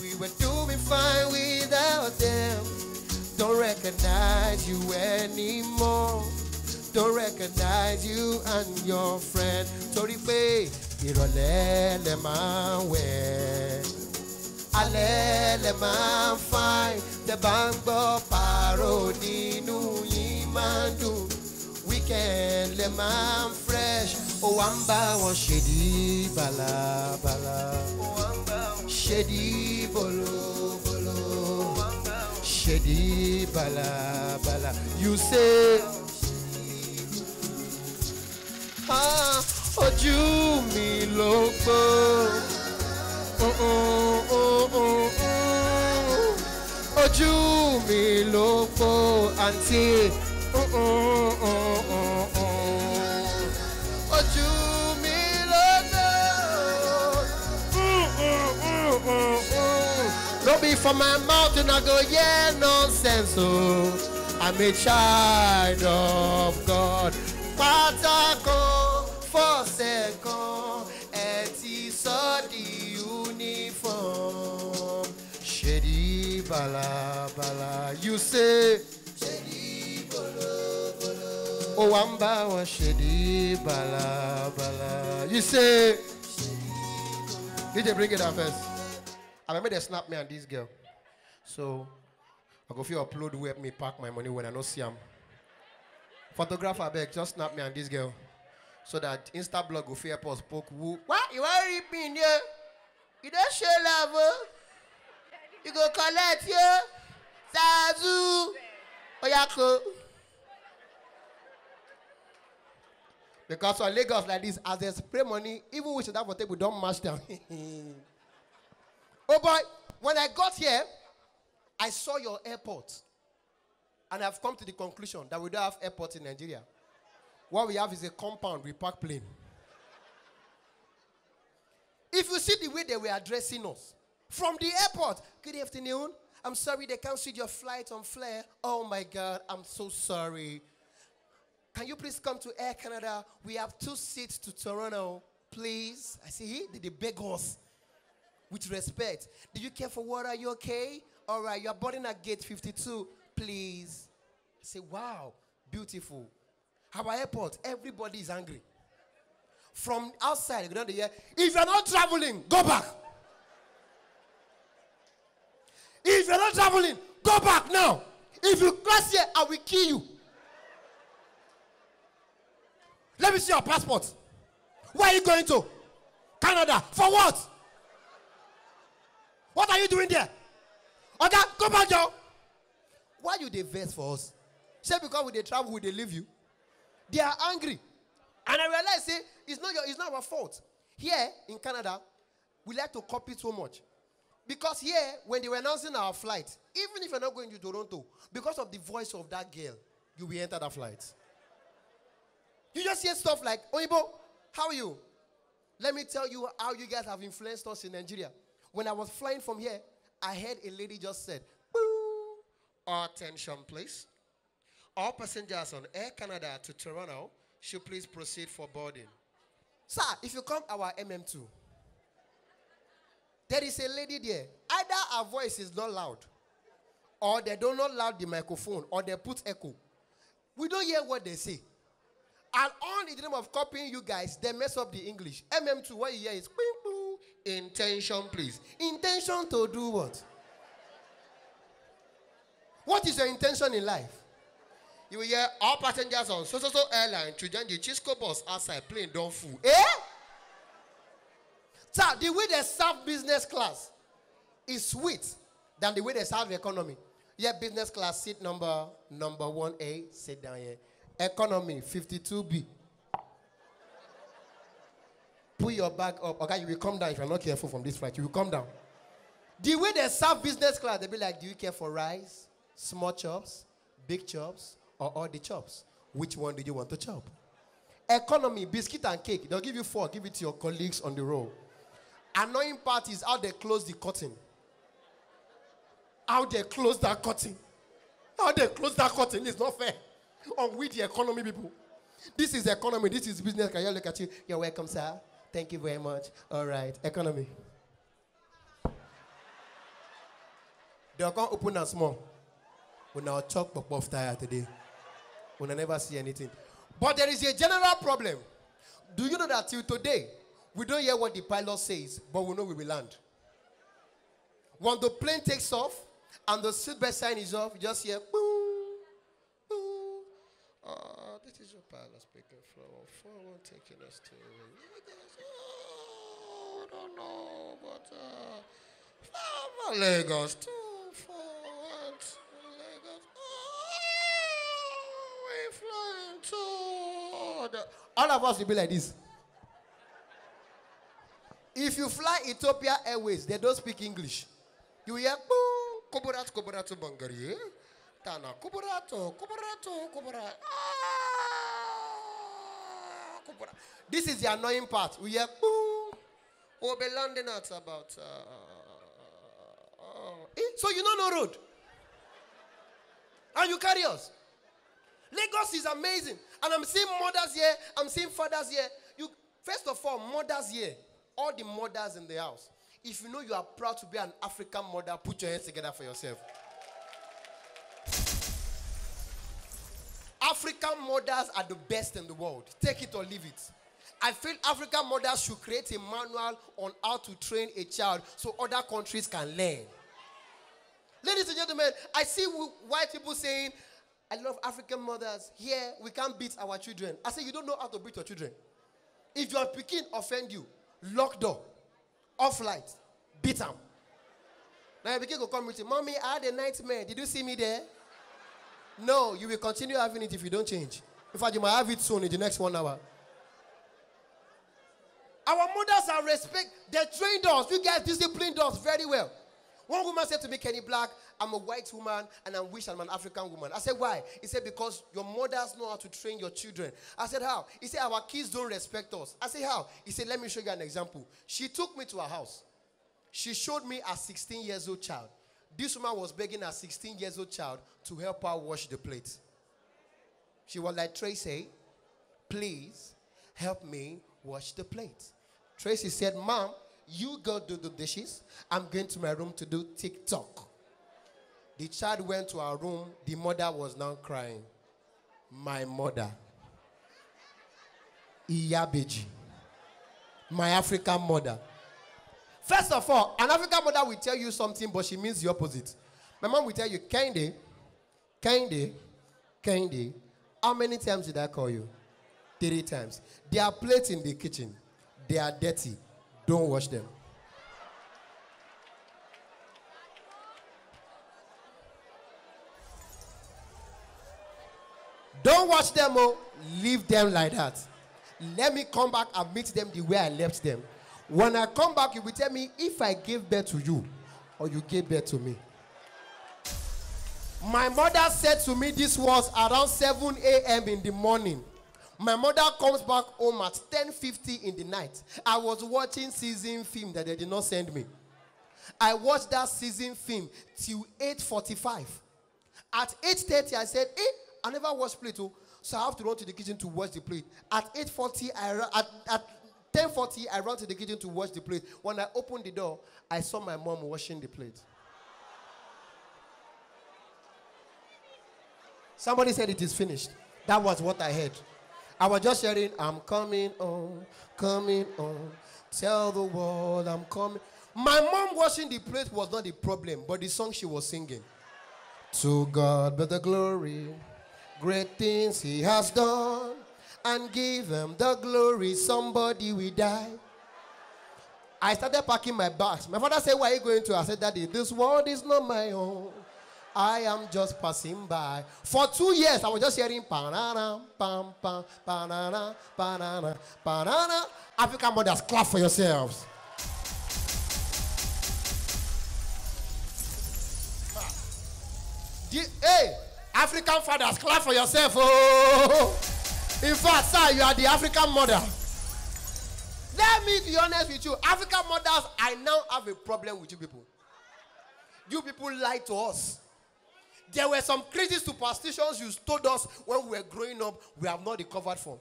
We were doing fine without them. Don't recognize you anymore. Don't recognize you and your friend. Torí pé ìrọ̀lẹ́ lẹ máa ń wẹ̀. alẹ́ lẹ máa ń fáìn tẹ bá ń gbọ́ pààrọ̀ nínú yín máa ń dùn weekend lẹ máa ń fresh ó wá ń bá wọn ṣèdí bàlàbàlà ṣèdí bòlòbòlò ṣèdí bàlàbàlà you say. Ah, ojú mi ló gbó. Oh, oh, oh, ojú mi ló po àǹtí ojú mi ló dé mm, mm, mm, no be for my mouth and I go yeah nonsense oh I'm a child of God pátákó fọ́sẹ̀ kan. Shedi bala bala, you say. Shedi bolo bolo. Oh, wamba wa shedi bala bala, you say. DJ, bring it up first. I remember they snap me and this girl. So I go for upload where me pack my money when I no see him. Photographer beg, just snap me and this girl. So that Insta blog go fear post poke who. What you are me here? You don't show love, oh. You go collect, yo. Zazu. Oyako. Oh, because on Lagos like this, as they spray money, even we should have a table, don't match them. oh boy, when I got here, I saw your airport. And I've come to the conclusion that we don't have airport in Nigeria. What we have is a compound, we park plane. If you see the way they were addressing us from the airport, good afternoon. I'm sorry they canceled your flight on Flair. Oh my God, I'm so sorry. Can you please come to Air Canada? We have two seats to Toronto, please. I see they beg us with respect. Do you care for water? You okay? All right, you're boarding at gate 52, please. I say, wow, beautiful. Our airport, everybody is angry from outside, you know, the year. If you're not traveling, go back. If you're not traveling, go back now. If you cross here, I will kill you. Let me see your passport. Where are you going to? Canada. For what? What are you doing there? Okay, go back, Joe. Why you they for us? Say because we they travel, we they leave you. They are angry. And I realize, say, it's not, your, it's not our fault. Here in Canada, we like to copy too much. Because here, when they were announcing our flight, even if you're not going to Toronto, because of the voice of that girl, you will enter that flight. You just hear stuff like, Oibo, how are you? Let me tell you how you guys have influenced us in Nigeria. When I was flying from here, I heard a lady just said, Boo! Attention, please. All passengers on Air Canada to Toronto should please proceed for boarding. Sir, if you come our MM2, there is a lady there. Either her voice is not loud, or they don't not loud the microphone, or they put echo. We don't hear what they say. And all the name of copying you guys, they mess up the English. MM2, what you hear is bing, bing, intention, please. Intention to do what? What is your intention in life? you will hear all passengers on so so so airline to join the Chisco bus outside plane don't fool. Eh? So the way they serve business class is sweet than the way they serve the economy. Yeah, business class seat number number one A, sit down here. Economy 52B. Put your back up. Okay, you will come down if you're not careful from this flight. You will come down. The way they serve business class, they'll be like, Do you care for rice, small chops, big chops, or all the chops? Which one do you want to chop? Economy, biscuit and cake. They'll give you four. Give it to your colleagues on the row. Annoying part is how they close the curtain. How they close that curtain. How they close that curtain is not fair. On with the economy people. This is economy. This is business. Can you look at you? You're welcome, sir. Thank you very much. All right. Economy. They're going to open us more. We now talk about tired today will never see anything. But there is a general problem. Do you know that till today, we don't hear what the pilot says, but we know we will land. When the plane takes off and the seatbelt sign is off, you just hear, boom, boom. Oh, this is your pilot speaking from forward, taking us to. Oh, I don't know, but uh, Lagos, two, four, one, two, Lagos. Oh we flying to? The... All of us will be like this. If you fly Ethiopia Airways, they don't speak English. You hear, kuburat, kuburat, bangari. Eh? Tana, kuburato, oh, kuburato, oh, ah, kuburat. This is the annoying part. We hear, we'll be landing at about. Uh, uh, uh, uh, uh eh? so you know no know road. And you carry us. Lagos is amazing. And I'm seeing mothers here, I'm seeing fathers here. You first of all, mothers here, all the mothers in the house. If you know you are proud to be an African mother, put your hands together for yourself. African mothers are the best in the world. Take it or leave it. I feel African mothers should create a manual on how to train a child so other countries can learn. Ladies and gentlemen, I see white people saying, I love African mothers. Here, we can't beat our children. I say, you don't know how to beat your children. If your Peking offend you, lock door, off light, beat them. Now your Peking will come with you, Mommy, I had a nightmare. Did you see me there? No, you will continue having it if you don't change. In fact, you might have it soon in the next one hour. Our mothers are respect. They trained us. You guys disciplined us very well. One woman said to me, Kenny Black, I'm a white woman and I wish I'm an African woman. I said, Why? He said, Because your mothers know how to train your children. I said, How? He said, Our kids don't respect us. I said, How? He said, Let me show you an example. She took me to her house. She showed me a 16 years old child. This woman was begging a 16 years old child to help her wash the plates. She was like, Tracy, please help me wash the plates.' Tracy said, Mom, you go do the dishes. I'm going to my room to do TikTok. The child went to her room. The mother was now crying. My mother. Iyabiji, My African mother. First of all, an African mother will tell you something, but she means the opposite. My mom will tell you, Candy, Candy, Candy, how many times did I call you? Three times. They are plates in the kitchen. They are dirty. Don't watch them. Don't watch them, oh. Leave them like that. Let me come back and meet them the way I left them. When I come back, you will tell me if I gave birth to you or you gave birth to me. My mother said to me this was around 7 a.m. in the morning. My mother comes back home at 10.50 in the night. I was watching season film that they did not send me. I watched that season film till 8.45. At 8.30, I said, eh, I never watched play too. So I have to run to the kitchen to watch the plate. At 8.40, I ran, at, at 10.40, I ran to the kitchen to watch the plate. When I opened the door, I saw my mom washing the plate. Somebody said it is finished. That was what I heard. I was just hearing, I'm coming home, coming home. Tell the world I'm coming. My mom washing the plate was not the problem, but the song she was singing. To God be the glory, great things He has done, and give Him the glory. Somebody will die. I started packing my bags. My father said, Where are you going to? I said, Daddy, this world is not my own. I am just passing by. For two years, I was just hearing banana, pam, pam, banana, banana, banana. African mothers, clap for yourselves. The, hey, African fathers, clap for yourself. Oh. In fact, sir, you are the African mother. Let me be honest with you. African mothers, I now have a problem with you people. You people lie to us. There were some crazy superstitions you told us when we were growing up we have not recovered from.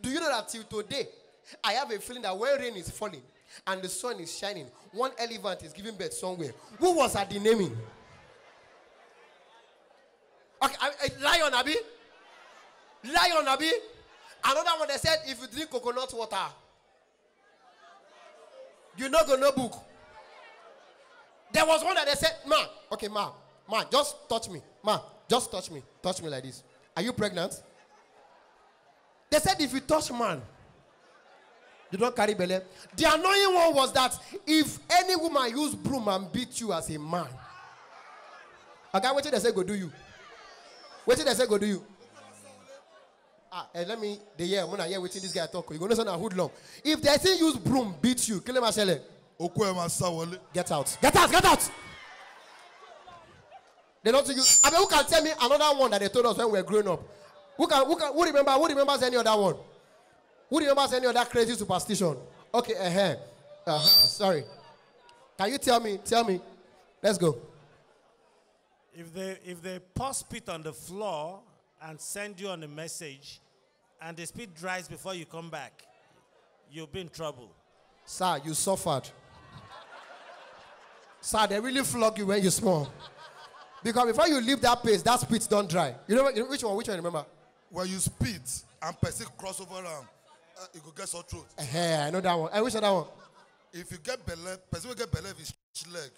Do you know that till today, I have a feeling that when rain is falling and the sun is shining, one elephant is giving birth somewhere. Who was at the naming? Okay, I, I, lion, Abby. Lion, Abby. Another one they said, if you drink coconut water, you're not going to book. There was one that they said, ma, okay, ma, Ma, just touch me. Ma, just touch me. Touch me like this. Are you pregnant? They said if you touch man, you don't carry belly. The annoying one was that if any woman use broom and beat you as a man, a guy waiting they say go do you. Waiting they say go do you. Ah, and eh, let me the year gonna hear waiting this guy talk. You gonna sound a hoodlum. If they say use broom beat you, kill him Get out. Get out. Get out. They don't think you. I mean, who can tell me another one that they told us when we were growing up? Who can who can who remember who remembers any other one? Who remembers any other crazy superstition? Okay, uh-huh. Uh-huh. Sorry. Can you tell me? Tell me. Let's go. If they if they pour spit on the floor and send you on a message, and the spit dries before you come back, you'll be in trouble. Sir, you suffered. Sir, they really flog you when you small. Because before you leave that place, that spit don't dry. You know which one? Which one? Remember? Where you spit and person cross over um, uh, could get sore throat. Hey, I know that one. I eh, wish that one. If you get belly, person will get belly if his leg.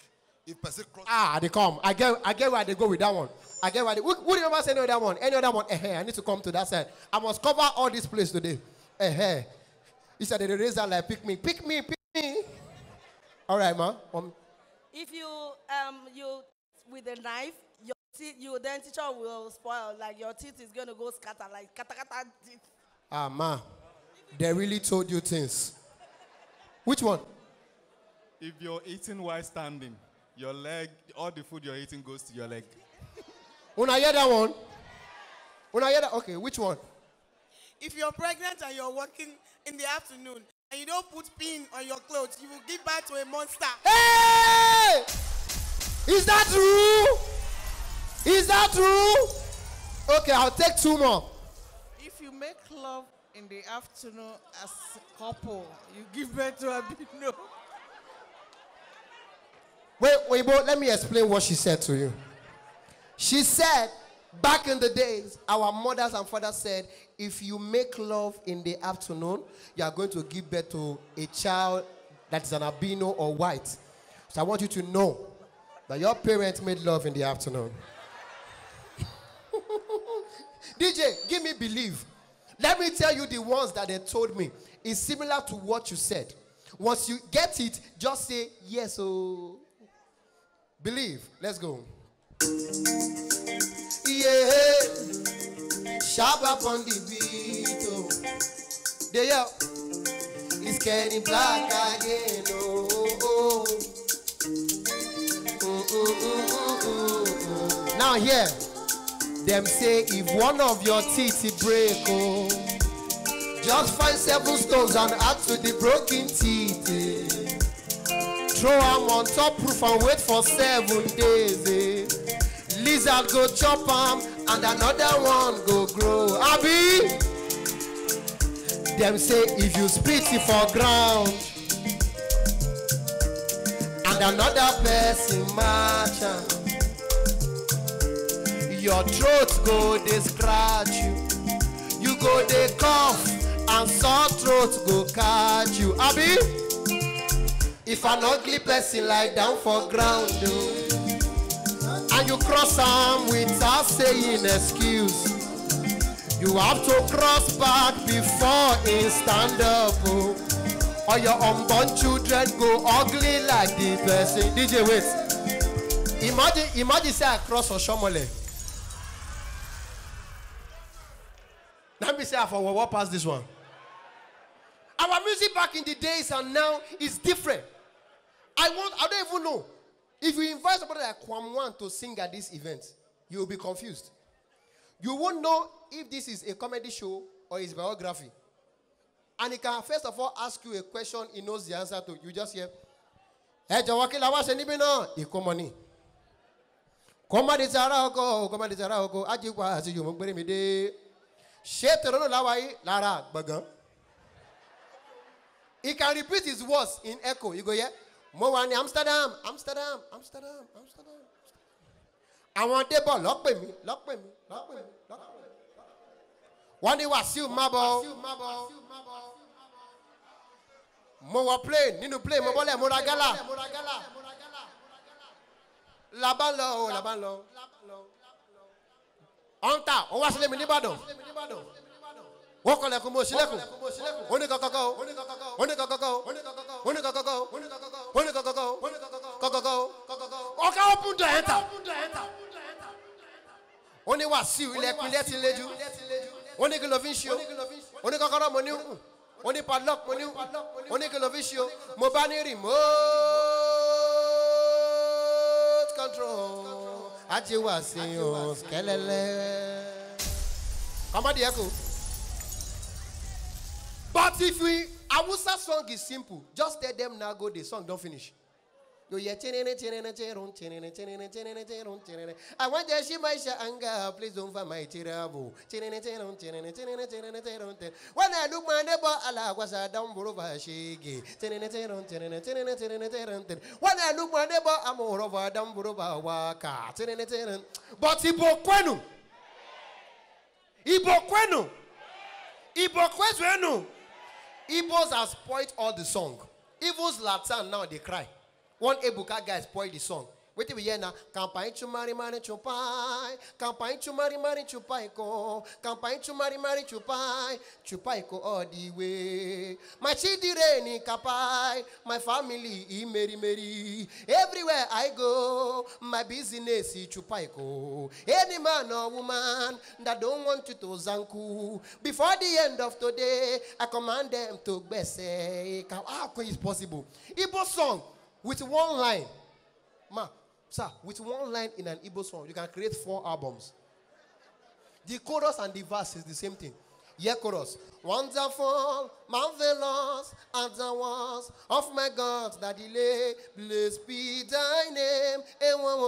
If person cross. Ah, they come. I get, I get why they go with that one. I get why they. Who, who remember saying that one? Any other one? Hey, I need to come to that side. I must cover all this place today. Hey, he said the razor like pick me, pick me, pick me. All right, ma. Um, if you um you with a knife, your teeth, you then teacher will spoil. Like your teeth is gonna go scatter, like katakata teeth. Ah ma, they really told you things. Which one? If you're eating while standing, your leg, all the food you're eating goes to your leg. When I hear that one. When I hear that, okay, which one? If you're pregnant and you're working in the afternoon and you don't put pin on your clothes, you will give birth to a monster. Hey! Is that true? Is that true? Okay, I'll take two more. If you make love in the afternoon as a couple, you give birth to a bino. Wait, wait, but let me explain what she said to you. She said, back in the days, our mothers and fathers said, if you make love in the afternoon, you are going to give birth to a child that is an albino or white. So I want you to know that your parents made love in the afternoon. DJ, give me belief. Let me tell you the ones that they told me. It's similar to what you said. Once you get it, just say yes. Oh, believe. Let's go. Yeah, sharp up on the beat. Oh, there you It's getting black again. Oh, oh. oh. Now here, them say if one of your teeth break, oh, just find seven stones and add to the broken teeth. Eh. Throw them on top roof and wait for seven days. Eh. Lizard go chop them and another one go grow. Abby, them say if you spit it for ground another person match your throat go they scratch you you go they cough and sore throat go catch you abi if an ugly person lie down for ground oh, and you cross am without saying excuse you have to cross back before it's stand up Oh or your unborn children go ugly like the person. DJ, wait. Imagine, imagine say across cross Oshomole. Let me say I for what past this one. Our music back in the days and now is different. I want, I don't even know. If you invite somebody like Kwamwan to sing at this event, you will be confused. You won't know if this is a comedy show or his biography. and he can first of all ask you a question he knows the answer to you just hear ẹ jọ̀wọ́ kí la wá ṣe níbí náà ìkómọ ni kọ́mọdé ti ara ọkọ kọ́mọdé ti ara ọkọ ajíkwa àti yòmó gbérémìdé ṣé tòrónù láwáyé lára gbọ̀ngàn he can repeat his words in echo you go hear mo wà ní Amsterdam Amsterdam Amsterdam Amsterdam àwọn débọ̀ lọ́pẹ̀ mi lọ́pẹ̀ mi lọ́pẹ̀ mi wọ́n ní Wàsíù Mábọ̀ mo wọ plane nínú plane mo bọ́lẹ̀ mo ra gálà làbá ń lọ o làbá ń lọ ọ̀ǹtà ó wá sílé mi nìbàdàn wọ́n kọlẹ̀ kó mo sílẹ̀kùn oníkọ̀kọ̀kọ̀ o oníkọ̀kọ̀kọ̀ o oníkọ̀kọ̀kọ̀ o oníkọ̀kọ̀kọ̀ o kọ̀kọ̀kọ̀ o ọ̀ká open door enter ó ní Wàsíù ilẹ̀kùn ilẹ̀ ti wọ́n ní kí ló fi ń ṣe o wọ́n ní kọ́kọ́rọ́ mo ní kù wọ́n ní padlock mo ní kù wọ́n remote control àti wà sí o kẹlẹlẹ. kọ́mọ́dé yẹ kù. but if we Hausa song is simple just tell them na go the song Don't finish. I want to see my anga, please don't for my tirabu. Chenene cheron chenene chenene chenene cheron When I look my neighbor, Allah was a dumb burova shigi. Chenene cheron chenene chenene chenene cheron When I look my neighbor, I'm over over down burova waka. Chenene cheron. But ibo kwenu. Ibo kwenu. Ibo kwenu. Igbos have spoiled all the song. Even Zlatan now they cry. One Ebuka guy spoiled the song. Wait we hear now. Campaign to to marry, marry, Kampai chumari mari chupai. Kampai chumari mari chupai ko. marry, chumari mari chupai. Chupai ko all the way. My chidire in kapai. My family in meri meri. Everywhere I go, my business is chupai ko. Any man or woman that don't want to to zanku. Before the end of today, I command them to gbese. How is possible? Igbo song with one line. Ma, sir, with one line in an Igbo song, you can create four albums. The chorus and the verse is the same thing. Yeah, chorus. Wonderful, marvelous are the works of my God that delay. Blessed be thy name. And eh, one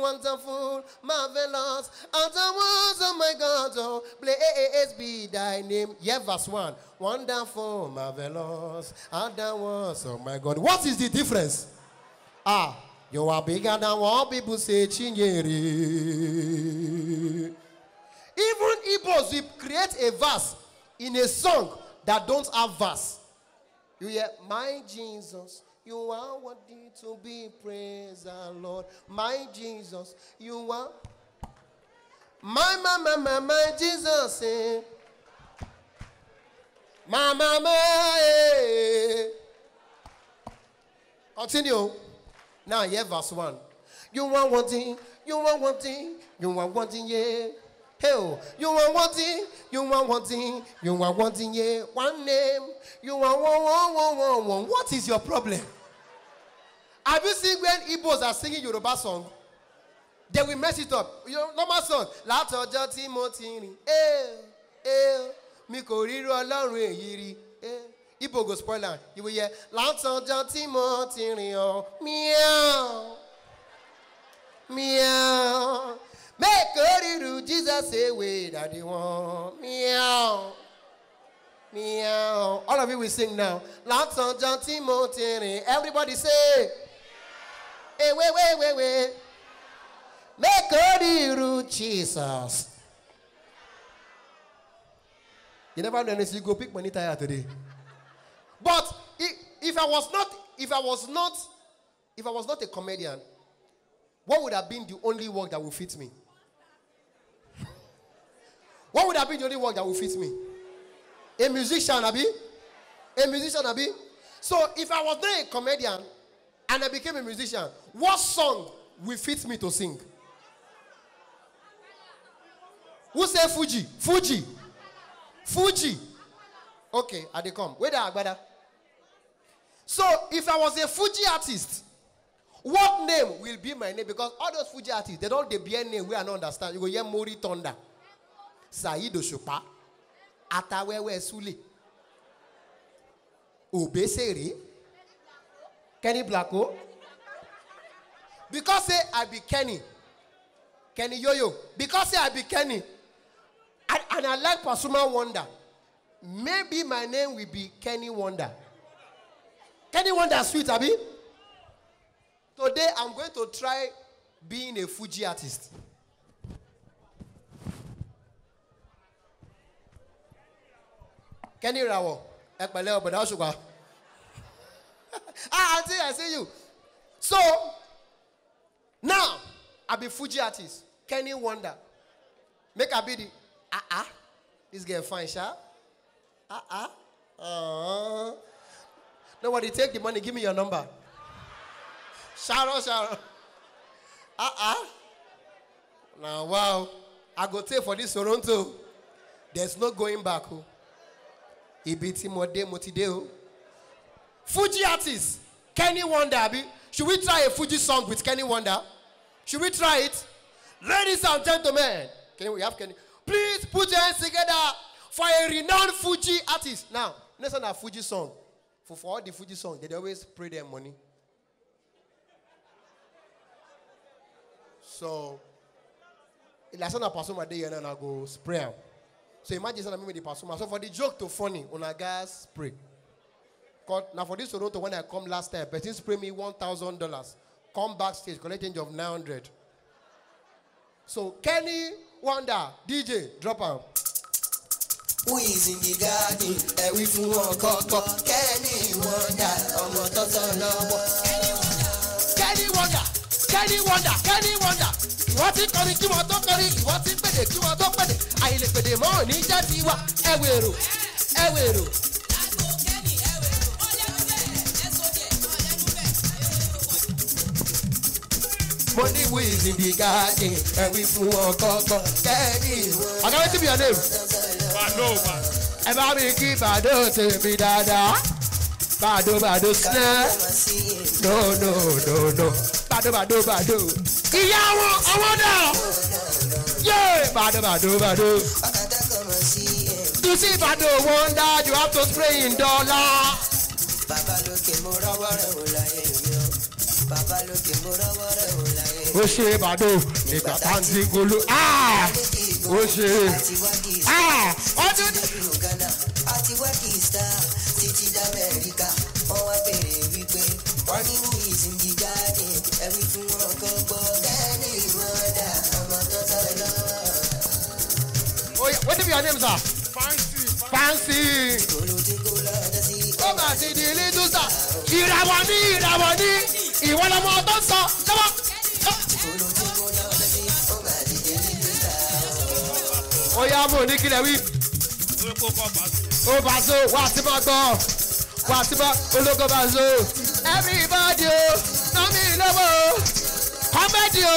Wonderful, marvelous are the works of oh my God. Oh, blessed be thy name. Yeah, verse 1. Wonderful, marvelous are the works of oh my God. What is the difference? Ah, you are bigger than what people say, Chinyeri. Igbos will create a verse in a song that don't have verse. You hear, my Jesus, you are worthy to be praised, our Lord. My Jesus, you are. My, my, my, my, my Jesus, eh. My, my, my, eh. Continue. Now, yeah, verse 1. You are wanting, you are wanting, you are wanting, yeah. Hey, you want one thing? you want one thing? you want one thing? yeah, one name. You want one, one, one, one, one. What is your problem? Have you seen when Igbos are singing Yoruba song? They will mess it up. Your normal song. Látọjọ́ tí mo ti rìn. Ee, eh, ee, eh, mi kò ríru Ọlọ́run èyí rí. Eh. Igbo go spoil am. You will hear, Látọjọ́ tí mo Oh, rìn ọ́, meow, meow. Make Oriru Jesus say, way that you want. Meow. Meow. All of you will sing now. Locks on John Timothy. Everybody say, Hey, wait, wait, wait, wait. Make Oriru Jesus. You never know unless you go pick money tire today. but if I was not, if I was not, if I was not a comedian, what would have been the only work that would fit me? What would have been the only work that would fit me? A musician, Abi? A musician, Abi? So if I was then a comedian and I became a musician, what song will fit me to sing? Who say Fuji? Fuji. Fuji. Okay, are they come. Where are brother? So if I was a Fuji artist, what name will be my name? Because all those Fuji artists, they don't they bear name we are not understand. You go hear Mori Thunder. Saïd Oshopa, Atawewe Soule, Obesere, Kenny Blacko. Because say I be Kenny, Kenny Yoyo. Because say I be Kenny, and, and I like Pasuma Wonder. Maybe my name will be Kenny Wonder. Kenny Wonder sweet, Abby. Today I'm going to try being a Fuji artist. kẹ́ni at my level, but I should go. I see you so now I be Fuji artist Kenny Wonder make a be ah ah this girl fine sha ah ah uh-huh. nobody take the money give me your number Sharon Sharon ah ah now wow I go take for this Toronto there's no going back. Oh ibi tí mo dé mo Fuji artist Kenny Wonder abi should we try a Fuji song with Kenny Wonder? Should we try it? Ladies and gentlemen, can we have Kenny? Please put your hands together for a renowned Fuji artist. Now, listen to a Fuji song. For, for all the Fuji songs, they always pray their money. So, last time I passed my day, and I go spray so imagine that I'm with the pastor. So for the joke to funny, on a gas spray. Now for this Toronto, when I come last time, person spray me $1,000. Come backstage, collect change of 900. So Kenny Wonder, DJ, drop out. Who is in the garden? Ẹ̀wí fún wọn kọ́kọ́. Kenny Wonder, ọmọ tọ́tọ́ lọ́wọ́. Kenny Wonder, Kenny Wonder, Kenny Wonder, Kenny Wonder. ìwọ ti kọrin kí wọn tó kọrin ìwọ ti pèdè kí wọn tó pèdè àìlè pèdè mọ́ òní jẹ́ tiwa ẹ wèrò ẹ wèrò. mo ní wíìsì bí gáàjì ẹ̀wí fún ọkọ̀ọ̀kan kẹ́ẹ̀dì. ọ̀gá wetin be your name. bàdó ma. ẹ bá mi kí bàdó tèmi dáadáa bàdó bàdó sinẹ́ no no no no bàdó bàdó bàdó. ìyá wọn ọwọ́ dà yéé bàdó you see bàdó wonder you have to spray in dollar. bàbá lókè mo rọwọ́ rẹ̀ wò láyé bàbá lókè mo rọwọ́ rẹ̀ wò láyé mi. bàdó ìgbà tá à ń dín golo ah! ó your name, sir? Fancy. Fancy. Ó bá ti di little star. Ìràwọ̀ ní ìràwọ̀ ní ìwọ́lọ́mọ tó ń sọ lọ́wọ́. Ó yá mo ní kílẹ̀ wí. Ó bá so wá sí máa gbọ́. Wá sí máa ológo bá so. Everybody o, sọ́mi lọ́wọ́ o, comedy o,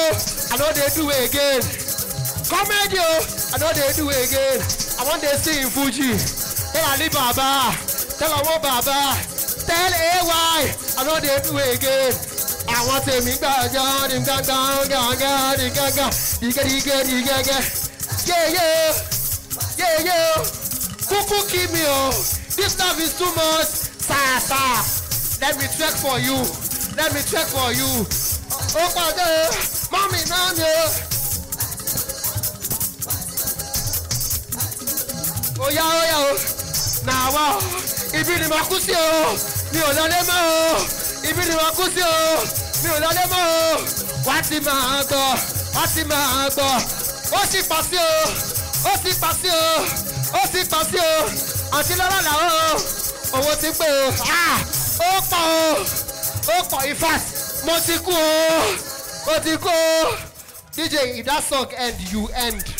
I no dey do again, comedy o. I know they do again. I want to in Fuji. Tell Alibaba. Tell Awo Baba. Tell AY. I know they do again. I want it again. Àwọn tèmi gbàgbọ́ ní gbàgbọ́ gbàgbọ́ ní gbàgbọ́ dìgẹ́dìgẹ́ dìgẹ́gẹ́. Yeah yeah. kúkú kí mi o this love is too much sàtà let me check for you let me check for you. Oh pàdé mọ́mì mommy. ni o. óyá óyá o nàwa o ibi ni mo kú sí o mi ò lọlé mọ́ o ibi ni mo kú sí o mi ò lọlé mọ́ o wá ti máa gbọ́ wá ti máa gbọ́ ó sì pa sí o ó sì pa sí o ó sì pa sí o àti lọ́la là o owó ti pé o ó pọ̀ o ó pọ̀ in mo ti kú o mo ti kú o DJ if that song end you end.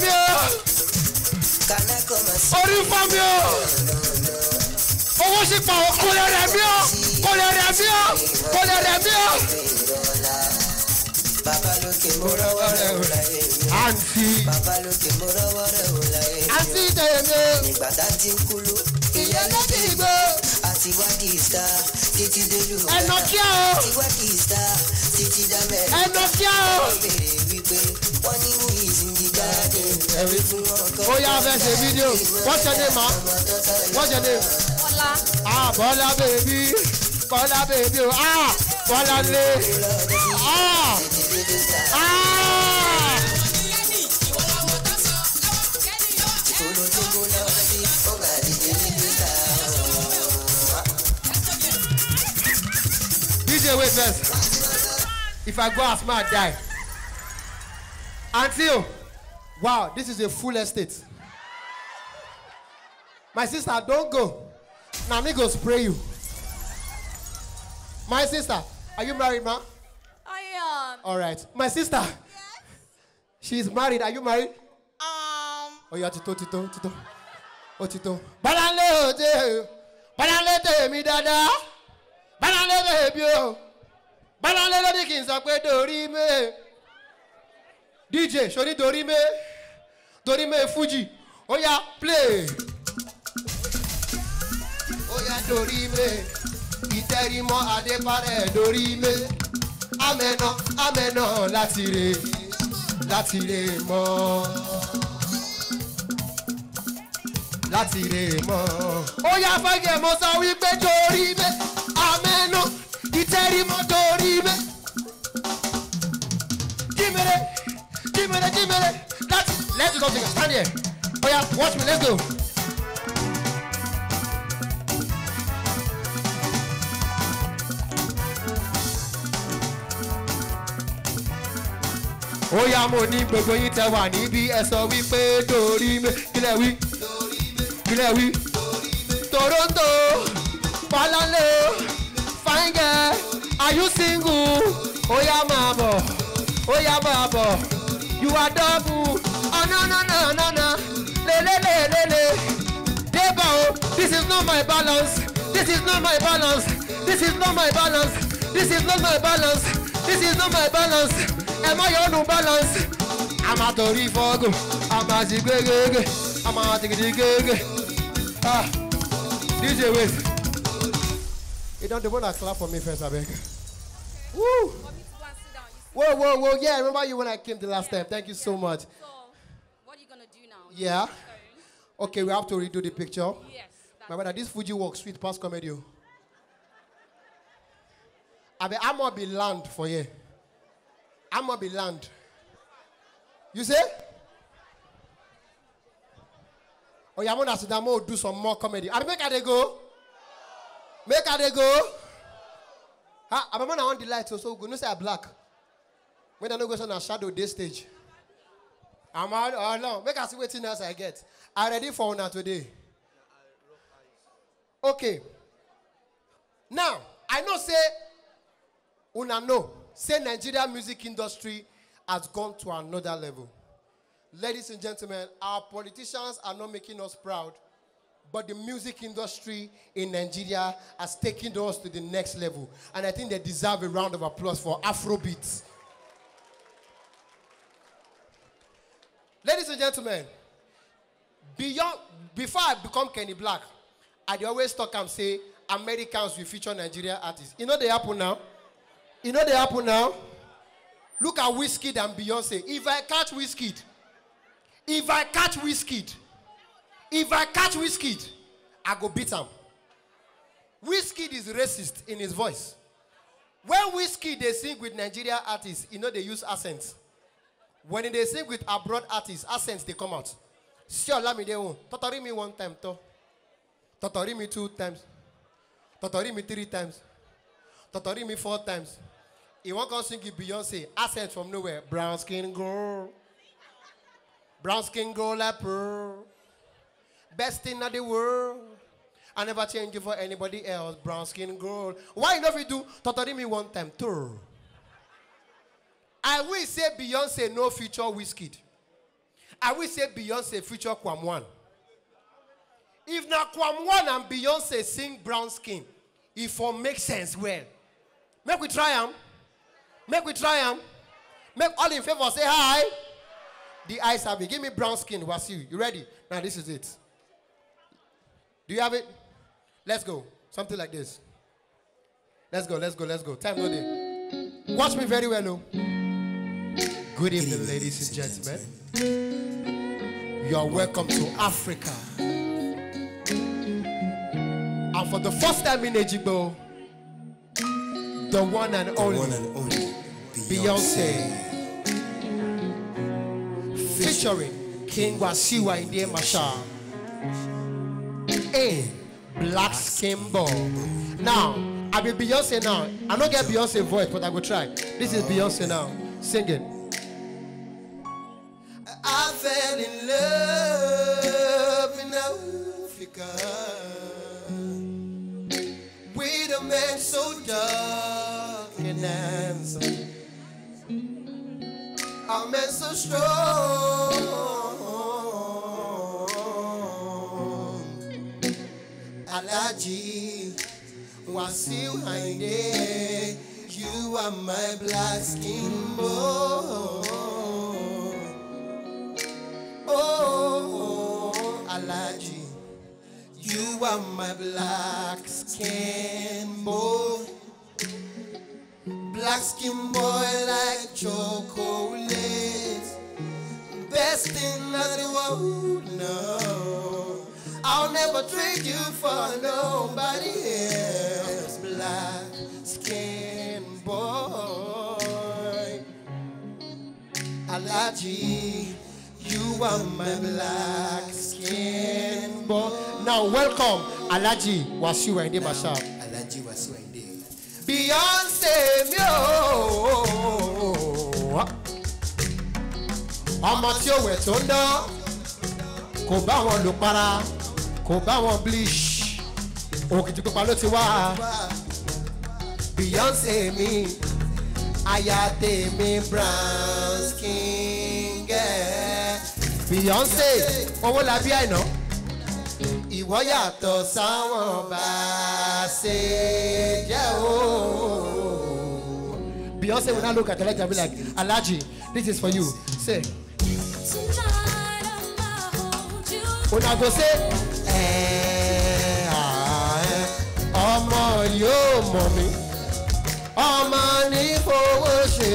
mi o orí fọ́ mi o owó sì pa o kò lè rẹ̀ mi o kò lè rẹ̀ mi o kò lè rẹ̀ mi o. àǹtí àǹtí tẹ̀yẹ̀mí o. nígbà tá ìgbó. àti wá kì o. àti wá kì o ẹ̀rí tún ṣe fídíò what's your name ma what's your name. bọ́lá. ah bọ́lá bèbí bọ́lá bèbí o ah bọ́lá lé ah ah. DJ wait first if I go house ma die Until. Wow, this is a full estate. My sister, don't go. Now me go spray you. My sister, are you married, ma? I am. All right. My sister. Yes. She's married. Are you married? Um. Oh, yeah, Tito, Tito, Tito. Oh, Tito. Banale, Oje. Oh, Banale, te mi dada. Banale, baby. Oh. Banale, lodi, kin, sakwe, dori, me. DJ, shori, dori, me. torí mẹ́ fújì ó yá play. ó yá dorí mẹ́ ìtẹ́rìmọ́ adébárẹ̀ dorí mẹ́ amẹ́nà amẹ́nà láti rè láti rè mọ́ láti rè mọ́. ó yá fẹ́gẹ̀ mo sọ wípé dorí mẹ́ amẹ́nà ìtẹ́rìmọ́ dorí mẹ́. Jimere, Jimere, Jimere. Let's go. Stand here. Oh yeah, watch me. Let's go. ó yá mo ní gbogbo yín tẹ wà níbí ẹ sọ wípé torí mi kílẹ̀ wí kílẹ̀ wí Toronto Falale fine are you single ó yá máa bọ̀ ó yá máa bọ̀ you are double. no, no, no, no, no. Le, le, le, le, le. Debo, oh, this is not my balance. This is not my balance. This is not my balance. This is not my balance. This is not my balance. Am I on balance? I'm at a refog. I'm at the gig. I'm at the gig. Ah, DJ Wiz. You don't want to clap for me first, I beg. Okay. Woo! Whoa, whoa, whoa. Yeah, I remember you when I came the last yeah. time. Thank you yeah. so much. So yeah. Okay, we have to redo the picture. Yes. My brother, this Fuji works sweet past comedy. I be I'm gonna be land for you. I'm gonna be land. You see? Oh, yeah, I'm gonna sit down, I'm gonna do some more comedy. I mean, make her go. Make her go. I'm gonna on the light, so so good. No say I black. When I no go on a shadow this stage. I'm out alone. Make us waiting as I get. I ready for now today. Okay. Now, I know say una no. say Nigeria music industry has gone to another level. Ladies and gentlemen, our politicians are not making us proud, but the music industry in Nigeria has taken us to the next level. And I think they deserve a round of applause for Afrobeats. Ladies and gentlemen, beyond, before I become Kenny Black, I dey always talk and say Americans will feature Nigerian artists. You know they happen now? You know they happen now? Look at Whiskey and Beyonce. If I catch Whiskey, if I catch Whiskey, if I catch Whiskey, I go beat him. Whiskey is racist in his voice. When Whiskey they sing with Nigerian artists, you know they use accents. When they sing with abroad artists, accents they come out. Sure, let me do. Oh, Totori me one time, to. Totori me two times. Totori me three times. Totori me four times. He won't sing sing Beyonce. Accents from nowhere. Brown skin girl. Brown skin girl like pearl. Best in the world. I never change it for anybody else. Brown skin girl. Why not you do? Totori me one time, too. I will say Beyonce no future whiskey. I will say Beyonce future Kwam One. If na Kwam One and Beyonce sing brown skin, if all makes sense well. Make we try Make we try Make all in favor say hi. The eyes have it. Give me brown skin, Wasiu. You ready? Now this is it. Do you have it? Let's go. Something like this. Let's go, let's go, let's go. Time no day. Watch me very well, though. Good evening, evening, ladies and gentlemen. You are welcome to Africa. And for the first time in Ejibo, the one and only, one and only Beyonce. Beyonce. Featuring King Wasiwa Indie Masha. A Black Skin Ball. Now, I be Beyonce now. I don't get Beyonce voice, but I will try. This is Beyonce now, singing fell in love in Africa with a man so dark and handsome, a man so strong. Alaji, Wasiu Hainde, you are my black skin boy. you are my black skin boy. Black skin boy like chocolate. Best in the world, no. I'll never trade you for nobody else. Black skin boy. you. you are my black skin boy. Now welcome Alaji Wasiu Ayinde Bashir. Alaji Wasiu Ayinde. Beyonce mi o. Ọmọ tí ó wẹ̀ tó ń dán kò bá wọn lò para kò bá wọn bleach òkìtì pupa ló ti wá. Beyonce mi aya tèmi brown skin girl. Beyonce owó labí àìná. No? wọ́n yàtọ̀ sáwọn bá ṣe jẹ́ o. Beyonce will now look at the letter and be like, Alhaji, this is for you. Say. Una go say, eh, ah, eh, ọmọ yóò mọ̀ mí, ọmọ ní fowó ṣe.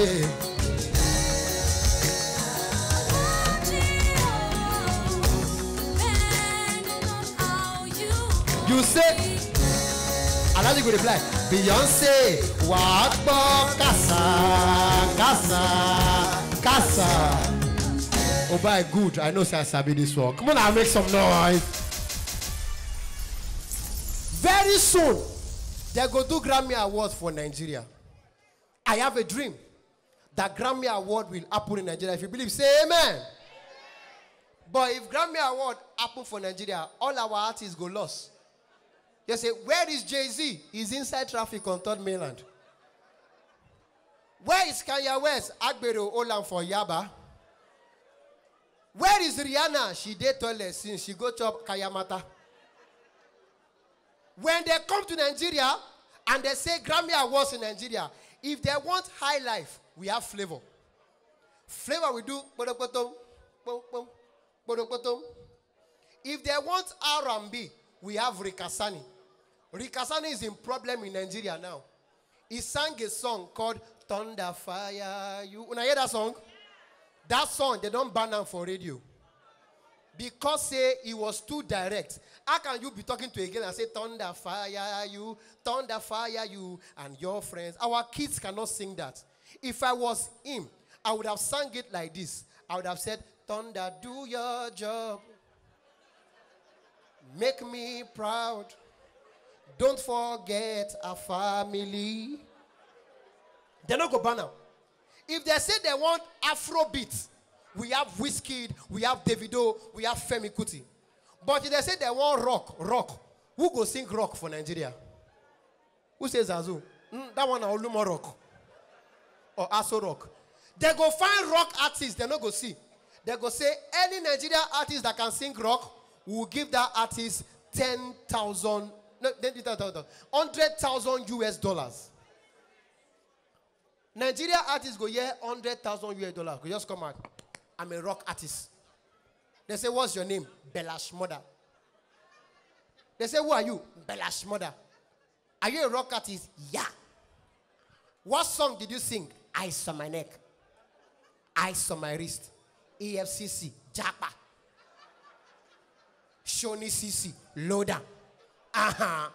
You say, Aladdin go reply, Beyonce, wàá gbọ́ kàsà kàsà kàsà. Oh by good. I know say I sabi this one. Come on I make some noise. Very soon, they go do Grammy Awards for Nigeria. I have a dream that Grammy Award will happen in Nigeria. If you believe, say amen. amen. But if Grammy Award happen for Nigeria, all our artists go lost. You say, Where is Jay Z? He's inside traffic on Third Mainland. Where is Kanye West? Agbero Olam for Yaba. Where is Rihanna? She did toilet since she go Kaya Kayamata. When they come to Nigeria and they say Grammy Awards in Nigeria, if they want high life, we have flavor. Flavor we do. If they want R&B, we have Rikasani. Rikasani is in problem in Nigeria now. He sang a song called Thunder Fire. You when I hear that song? That song, they don't ban them for radio. Because say he was too direct. How can you be talking to again and say thunder fire you, thunder fire you and your friends? Our kids cannot sing that. If I was him, I would have sung it like this. I would have said, Thunder, do your job. Make me proud. Don't forget our family. They're not go burn now. If they say they want Afrobeat, we have Whiskey, we have Davido, we have Femi Kuti. But if they say they want rock, rock, who go sing rock for Nigeria? Who says Azu? Mm, that one more rock or Aso rock. They go find rock artists. They not go see. They go say any Nigeria artist that can sing rock, will give that artist ten thousand no, 100,000 US dollars. Nigeria artists go, yeah, 100,000 US dollars. Go just come out. I'm a rock artist. They say, what's your name? Belash Mother. They say, who are you? Belash Mother. Are you a rock artist? Yeah. What song did you sing? Ice on my neck. Ice on my wrist. EFCC, Japa. Shoni CC, Loader. Uh-huh.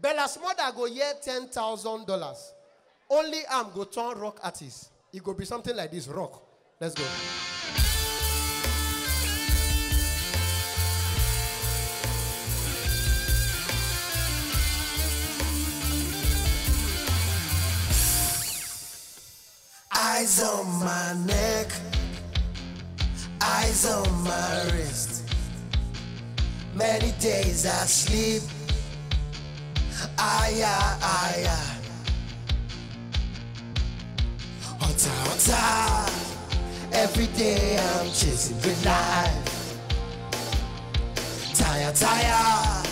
Bella's mother go hear ten thousand dollars. Only I'm go turn rock artist. It go be something like this rock. Let's go. Eyes on my neck, eyes on my wrist. Many days I sleep. Aya, aya. Hunter, hunter. Every day I'm chasing the life. Tire, tire.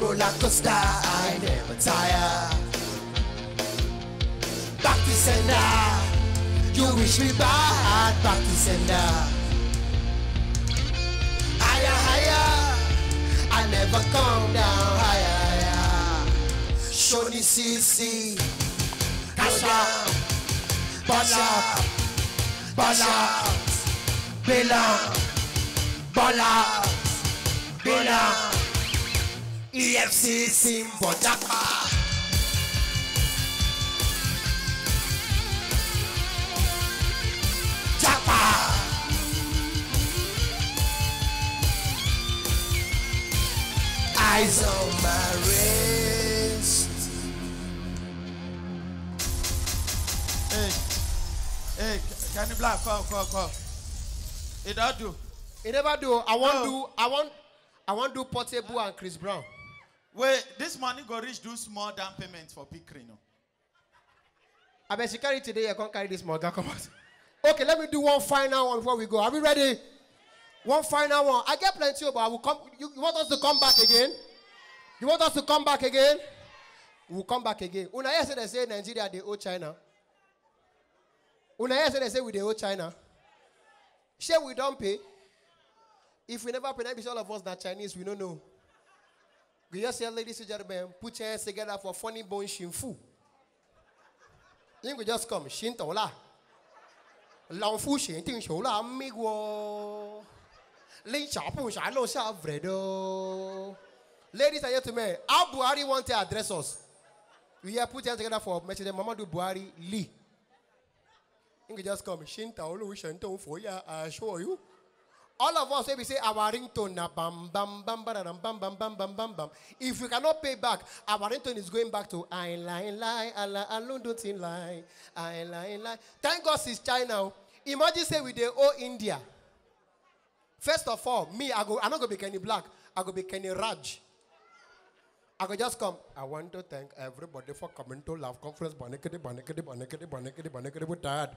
Roller coaster, I never tire. Back to sender. You wish me bad, back to sender. never come down higher. Shoni CC, go C C. out, ball out, bail out, ball out, bail out. EFC Simbo Japa. eyes on my wrist. Hey, hey, can you black come, come, come? It don't do. It never do. I want no. do. I want. I want do Portable and Chris Brown. Wait, this money go rich. do small down payment for Pickering. No? I bet you carry today. I can't carry this mother. Come on. Okay, let me do one final one before we go. Are we ready? One final one. I get plenty, but I will come. You, you want us to come back again? You want us to come back again? We'll come back again. Una hear say they say Nigeria they owe China. Una hear say they say we they owe China. Share we don't pay. If we never pay, that all of us that Chinese we don't know. We just say, ladies and gentlemen, put your hands together for funny bone shinfu. You we just come la, long fu shintola. 老夫选定球了，美国。Ladies and gentlemen, how Buhari want to address us? We here put them together for mama do Buhari Lee. You can just come. Shinta Olu Shinton for ya, I uh, assure you. All of us, if we say our ringtone, na bam bam bam bam bam bam bam bam bam bam. If we cannot pay back, our ringtone is going back to I lie lie, I lie, don't lie, I lie lie. Thank God, it's China. Imagine say we they owe India. First of all, me, I go, I'm not going to be Kenny Black. i go be Kenny Raj. I go just come. I want to thank everybody for coming to Love Conference. Banakity, banakity, banakity, banakity, banakity with that.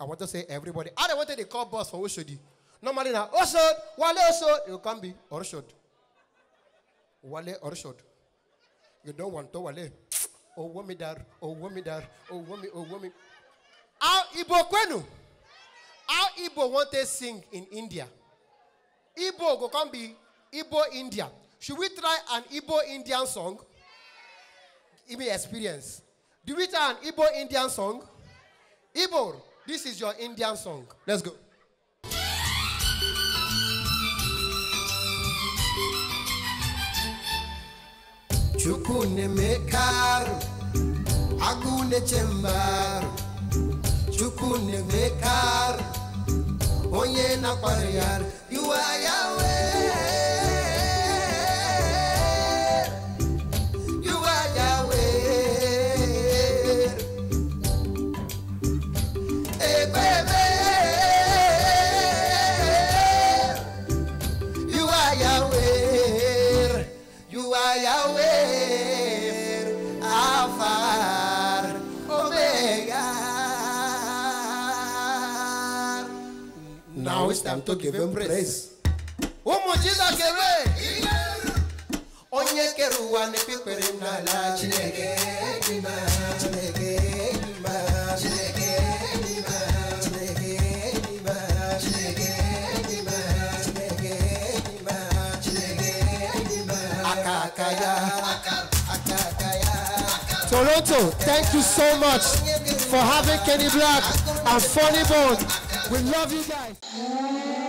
I want to say everybody. I don't want to call boss for Oshodi. Normally now, Oshod, Wale Oshod. You can be Oshod. Wale Oshod You don't want to Wale. Oh, woman dar. Oh, woman dar. Oh, woman, oh, woman. How Igbo Kwenu? How Igbo want to sing in India? Igbo go come be Igbo India. Should we try an Igbo Indian song? Give me experience. Do we try an Igbo Indian song? Igbo, this is your Indian song. Let's go onye nakpara ya iwe ya wee i give him praise. Ụmụ Chinakere onye kere ụwa n'ikpere n'ala Chineke Chineke ịma Chineke Toronto, thank you so much for having Kenny Black and Funny Bone. We love you guys.